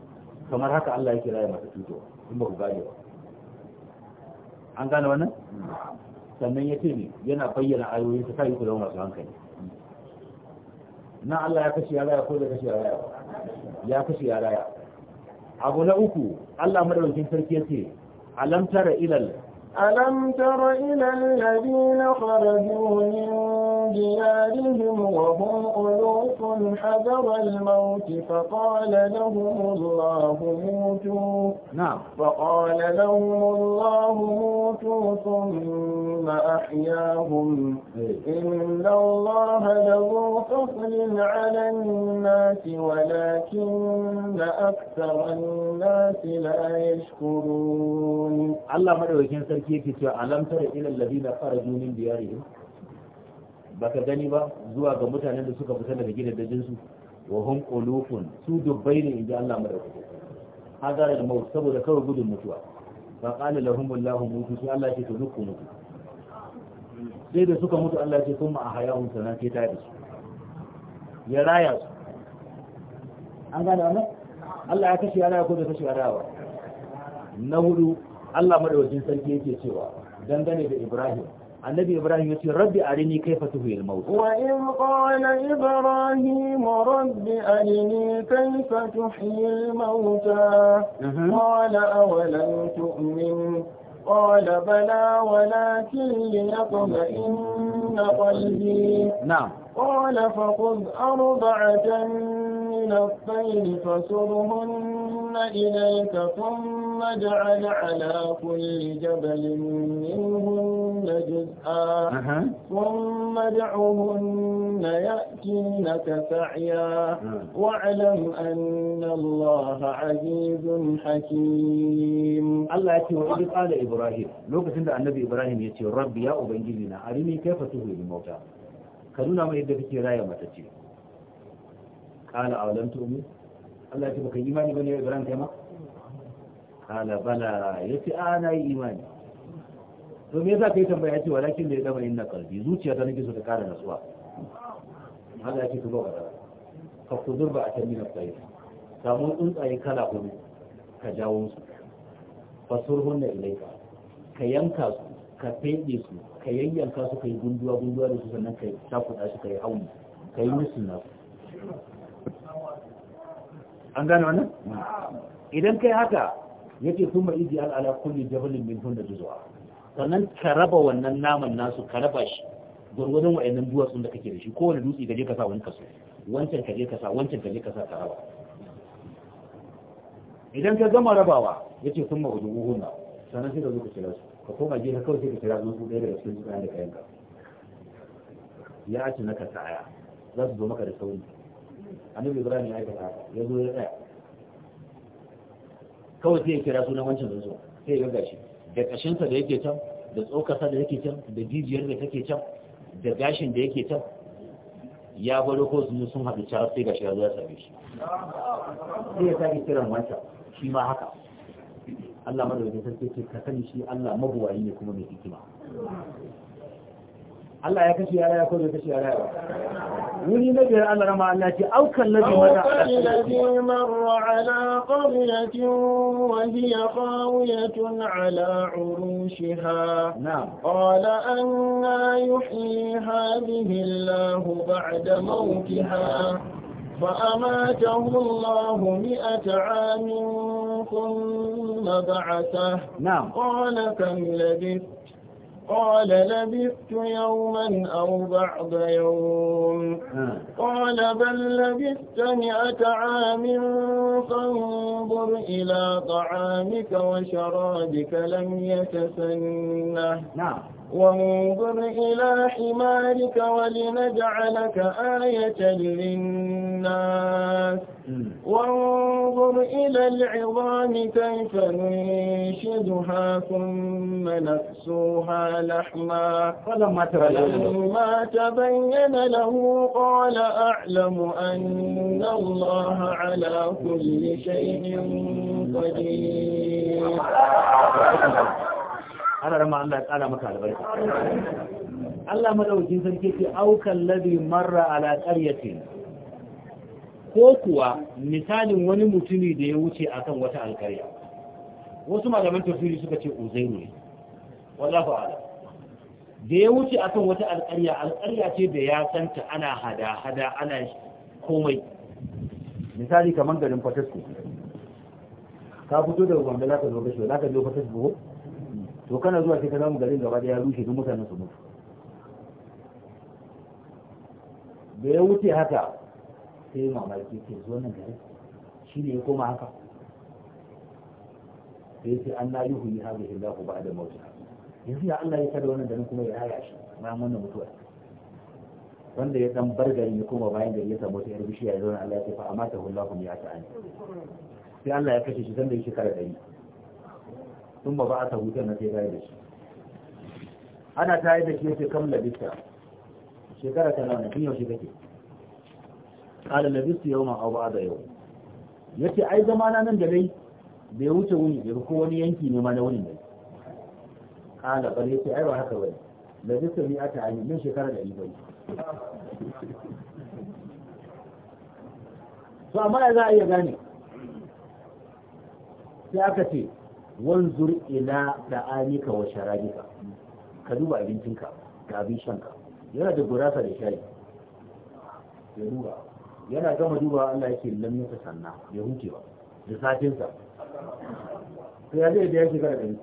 Speaker 1: kamar haka Allah ya kira ya tuto in ba ku gane an gane wannan sannan ya ce ne yana bayyana ayoyin ta kayi kula masu hankali na Allah ya kashe yara ya ko da kashe yara ya kashe yara ya abu na uku Allah madaukakin sarki ya ce alam tara ilal
Speaker 2: ألم تر إلى الذين خرجوا من ديارهم وهم ألوف حذر الموت فقال لهم الله موتوا نعم فقال لهم الله موتوا ثم أحياهم إن الله لذو فضل على الناس ولكن أكثر الناس لا يشكرون الله مدعوكين ake
Speaker 1: yake cewa alam tara fara alladhina kharaju min diyarihim baka gani ba zuwa ga mutanen da suka fita daga gidan su wa hum qulufun su dubbai ne ji Allah madaukaki hadara da maut saboda kawai gudun mutuwa fa qala lahum wallahu mutu sai Allah ya ce duk mutu sai da suka mutu Allah ya ce kuma a sanan sai ta da su ya raya su an gane wannan Allah ya kashe ana ko da kashe rayawa na hudu Allah madawacin sarki yake cewa dangane da Ibrahim annabi Ibrahim yace rabbi arini kaifa tuhil maut
Speaker 2: wa in qala ibrahim rabbi arini kaifa tuhil maut qala awalam tu'min قال بلى ولكن ليطمئن قلبي نعم قال فخذ أربعة من الطير فصرهن إليك ثم اجعل على كل جبل منهن جزءا ثم ادعهن يأتينك سعيا واعلم أن الله عزيز حكيم الله يأتي وإذ قال إبراهيم لو كنت
Speaker 1: النبي إبراهيم يأتي ربي يا أبنجلنا أرني كيف تهوي الموتى ka nuna mai yadda kake raya matacce kala a wadanta tumi Allah ya ce baka imani bane Ibrahim kai ma kala bala ya ce a na yi imani to me ka kai tambaya ce walakin da ya dama inna kalbi zuciya ta nake so ta kara nasuwa Allah ya ce to ba ka ka kudur ba a tamina tsaye samu tsuntsaye kala hudu ka jawo su surhun da ilai ka yanka su ka fede su ka yayyanka su ka yi gunduwa gunduwa da su sannan ka yi, shafuɗa su ka yi hauni ka yi musu nasu an gane wannan idan kai haka yake kuma iji al'ala kulli jabalin min hunda juzwa sannan ka raba wannan naman nasu ka raba shi gwargwadon wa'annan duwatsun da kake da shi kowane dutse gaje ka sa wani kaso wancan je ka sa wancan je ka sa ka raba idan ka gama rabawa yace kuma wudu uhuna sannan sai ka zo ka kira su ka koma ka kawai sai ka kira su ɗaya daga cikin su da ka ya ci naka tsaya za su zo maka da sauri annabi ibrahim ya aikata haka ya zo ya tsaya kawai sai ya kira sunan wancan zuwa sai ya gashi da kashinsa da yake can da tsokasa da yake can da jijiyar da take can da gashin da yake can ya baro ko sun sun haɗu ta sai gashi ya zo ya same shi sai ya sake kiran wancan shi ma haka Allah madaukakin sarki ce ka sani shi Allah mabuwayi ne kuma mai hikima Allah ya kashe yara ya ko bai kashe yara ba wuri na biyar Allah na Allah ce aukan ladhi mata alladhi
Speaker 2: marra ala qaryatin wa hiya qawiyatun ala urushiha na'am qala anna yuhyi hadhihi Allah ba'da mawtiha فأماته الله مئة عام ثم قال لبثت يوما أو بعض يوم قال بل لبثت مئة عام فانظر إلى طعامك وشرابك لم يتسنه نعم وانظر إلى حمارك ولنجعلك آية للناس وانظر إلى العظام كيف ننشدها ثم نكسوها لحما فلما تبين له قال أعلم أن الله على كل شيء قدير ana ma
Speaker 1: Allah ya kara maka albarka Allah madaukin sarki ce aukan ladhi marra ala qaryatin ko kuwa misalin wani mutumi da ya wuce akan wata alƙarya wasu malaman tafsiri suka ce uzairu ne wallahu a'lam da ya wuce akan wata alƙarya alƙarya ce da ya santa ana hada hada ana komai misali kamar garin fatasko ka fito daga gwamnati za ka zo kashe za ka zo fatasko to kana zuwa sai ka samu garin gaba da ya rushe duk mutanen su mutu da ya wuce haka sai mamaki ke zo nan gari shi ne ya koma haka sai sai an na yi huyi haɗe shi ku ba da mawuta yanzu ya Allah ya kada wannan garin kuma ya haya shi bayan wannan mutuwa wanda ya dan bar gari ya koma bayan gari ya samu wata yar bishiya ya zauna Allah ya ce fa amata hullahu ya ta'ani sai Allah ya kashe shi sanda ya shekara ɗari sun ba a tabu na sai tayar da shi ana tayar da shi ce kamla bisa shekara ta nawa tun yaushe kake qala yau ma abu da yau yace ai zamana nan da dai bai wuce wuni da ko wani yanki ne ma na wuni ne qala bal yace ai ba haka bane ne. ni ata ai min shekara da ibai to amma za a iya gane sai aka ce wanzur ila da'anika wa sharabika ka duba abincinka da abin shanka yana da gurasa da shayi ya duba yana gama duba Allah yake lamin ta sanna ya hutewa da safin sa sai ya zai da yake gara da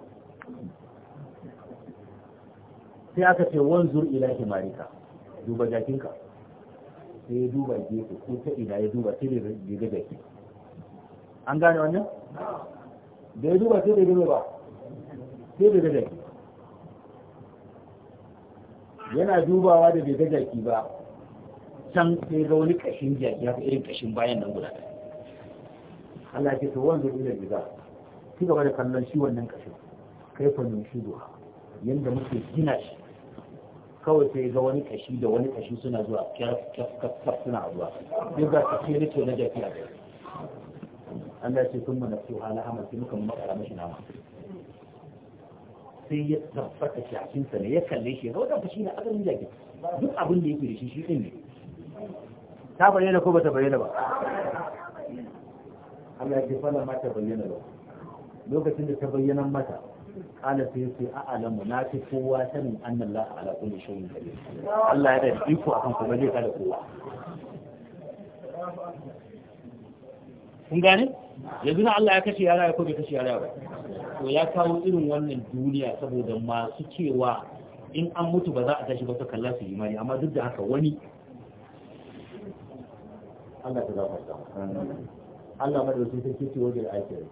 Speaker 1: sai aka ce wanzur ila himarika duba jakinka sai ya duba gefe ko ta ina ya duba sai da ga jaki an gane wannan da ya duba sai da gano ba sai da gajaki yana dubawa da bai gajaki ba can sai ga wani kashin jaki fi irin kashin bayan nan guda Allah ke ce zai ila gida ki gaba da kallon shi wannan kashin kai fa nun shi yanda muke gina shi kawai sai ga wani kashi da wani kashi suna zuwa kyaf suna zuwa ne to na a an ce sun mana su hala amal sai muka makara mashi nama sai ya tabbata shafinsa ne ya kalle shi ga wadanda shi ne asalin jaki duk abin da yake da shi shi din ne ta bayyana ko bata bayyana ba Allah ya fara mata bayyana ba lokacin da ta bayyana mata kala sai sai a alamu na fi kowa sanin annan la ala kulli shay'in qadir Allah ya da iko akan kuma zai kada kowa kun gane yanzu na Allah ya kashe yara ya kobe bai kashe yara ba to ya kawo irin wannan duniya saboda masu cewa in an mutu ba za a tashi ba su kalla su imani amma duk da haka wani Allah ta ta Allah madaukakin sarki ce wajen aikin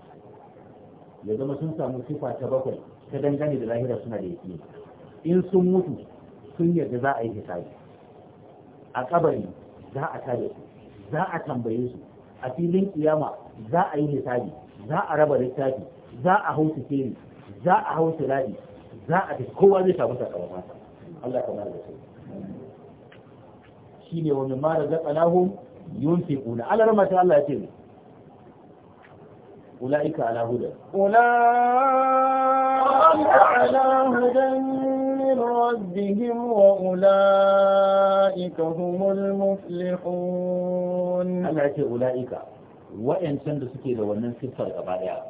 Speaker 1: ya zama sun samu sifa ta bakwai ta dangane da lahira suna da yake in sun mutu sun yadda za a yi hisabi a kabari za a tare su za a tambaye su a filin kiyama za a yi hisabi za a raba littafi za a hau sikeri za a hau sirari za a tafi kowa zai samu sakamakon Allah ka mara da su shi ne wani mara zaka fi yunfiquna ala ramata Allah ya ce ne ulaika ala hudan
Speaker 2: ulaika ala hudan ربهم وأولئك هم المفلحون أنا أتي أولئك وإن سند سكير ومن
Speaker 1: سفر قبائع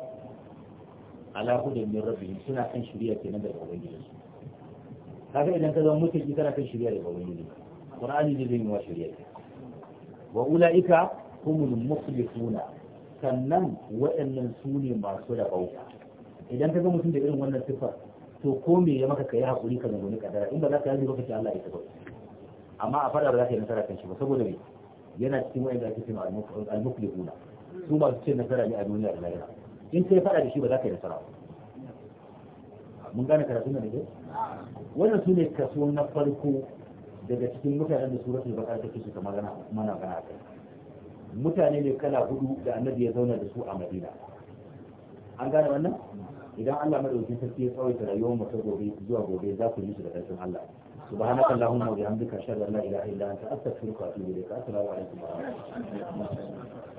Speaker 1: على هدى من ربهم سنة كان شريعة ندر أولئك هذا إذا كذا متجي ترى كان شريعة أولئك قرآن جزين وشريعة وأولئك هم المفلحون sannan وإن su ne masu rabauta idan ka ga mutum da irin wannan to ko me ya maka kai hakuri ka zama ni kadara in ba za ka yi lokaci Allah ya tabbata amma a fada ba za ka yi nasara kan shi ba saboda me yana cikin wayan da ake cewa al-muflihuna su ba su ce nasara ne a duniya da lahira in kai fada da shi ba za ka yi nasara ba mun gane karatun da ne wannan su ne kaso na farko daga cikin mutanen da suratul baqara take su kamar mana mana kai mutane ne kala hudu da annabi ya zauna da su a madina an gane wannan idan Allah madauki sarki ya tsawaita rayuwar mu ta gobe zuwa gobe za ku yi shi da ƙarfin Allah subhanaka allahumma wa bihamdika ashhadu an la ilaha illa anta astaghfiruka wa atubu da assalamu alaikum wa rahmatullahi wa
Speaker 3: barakatuh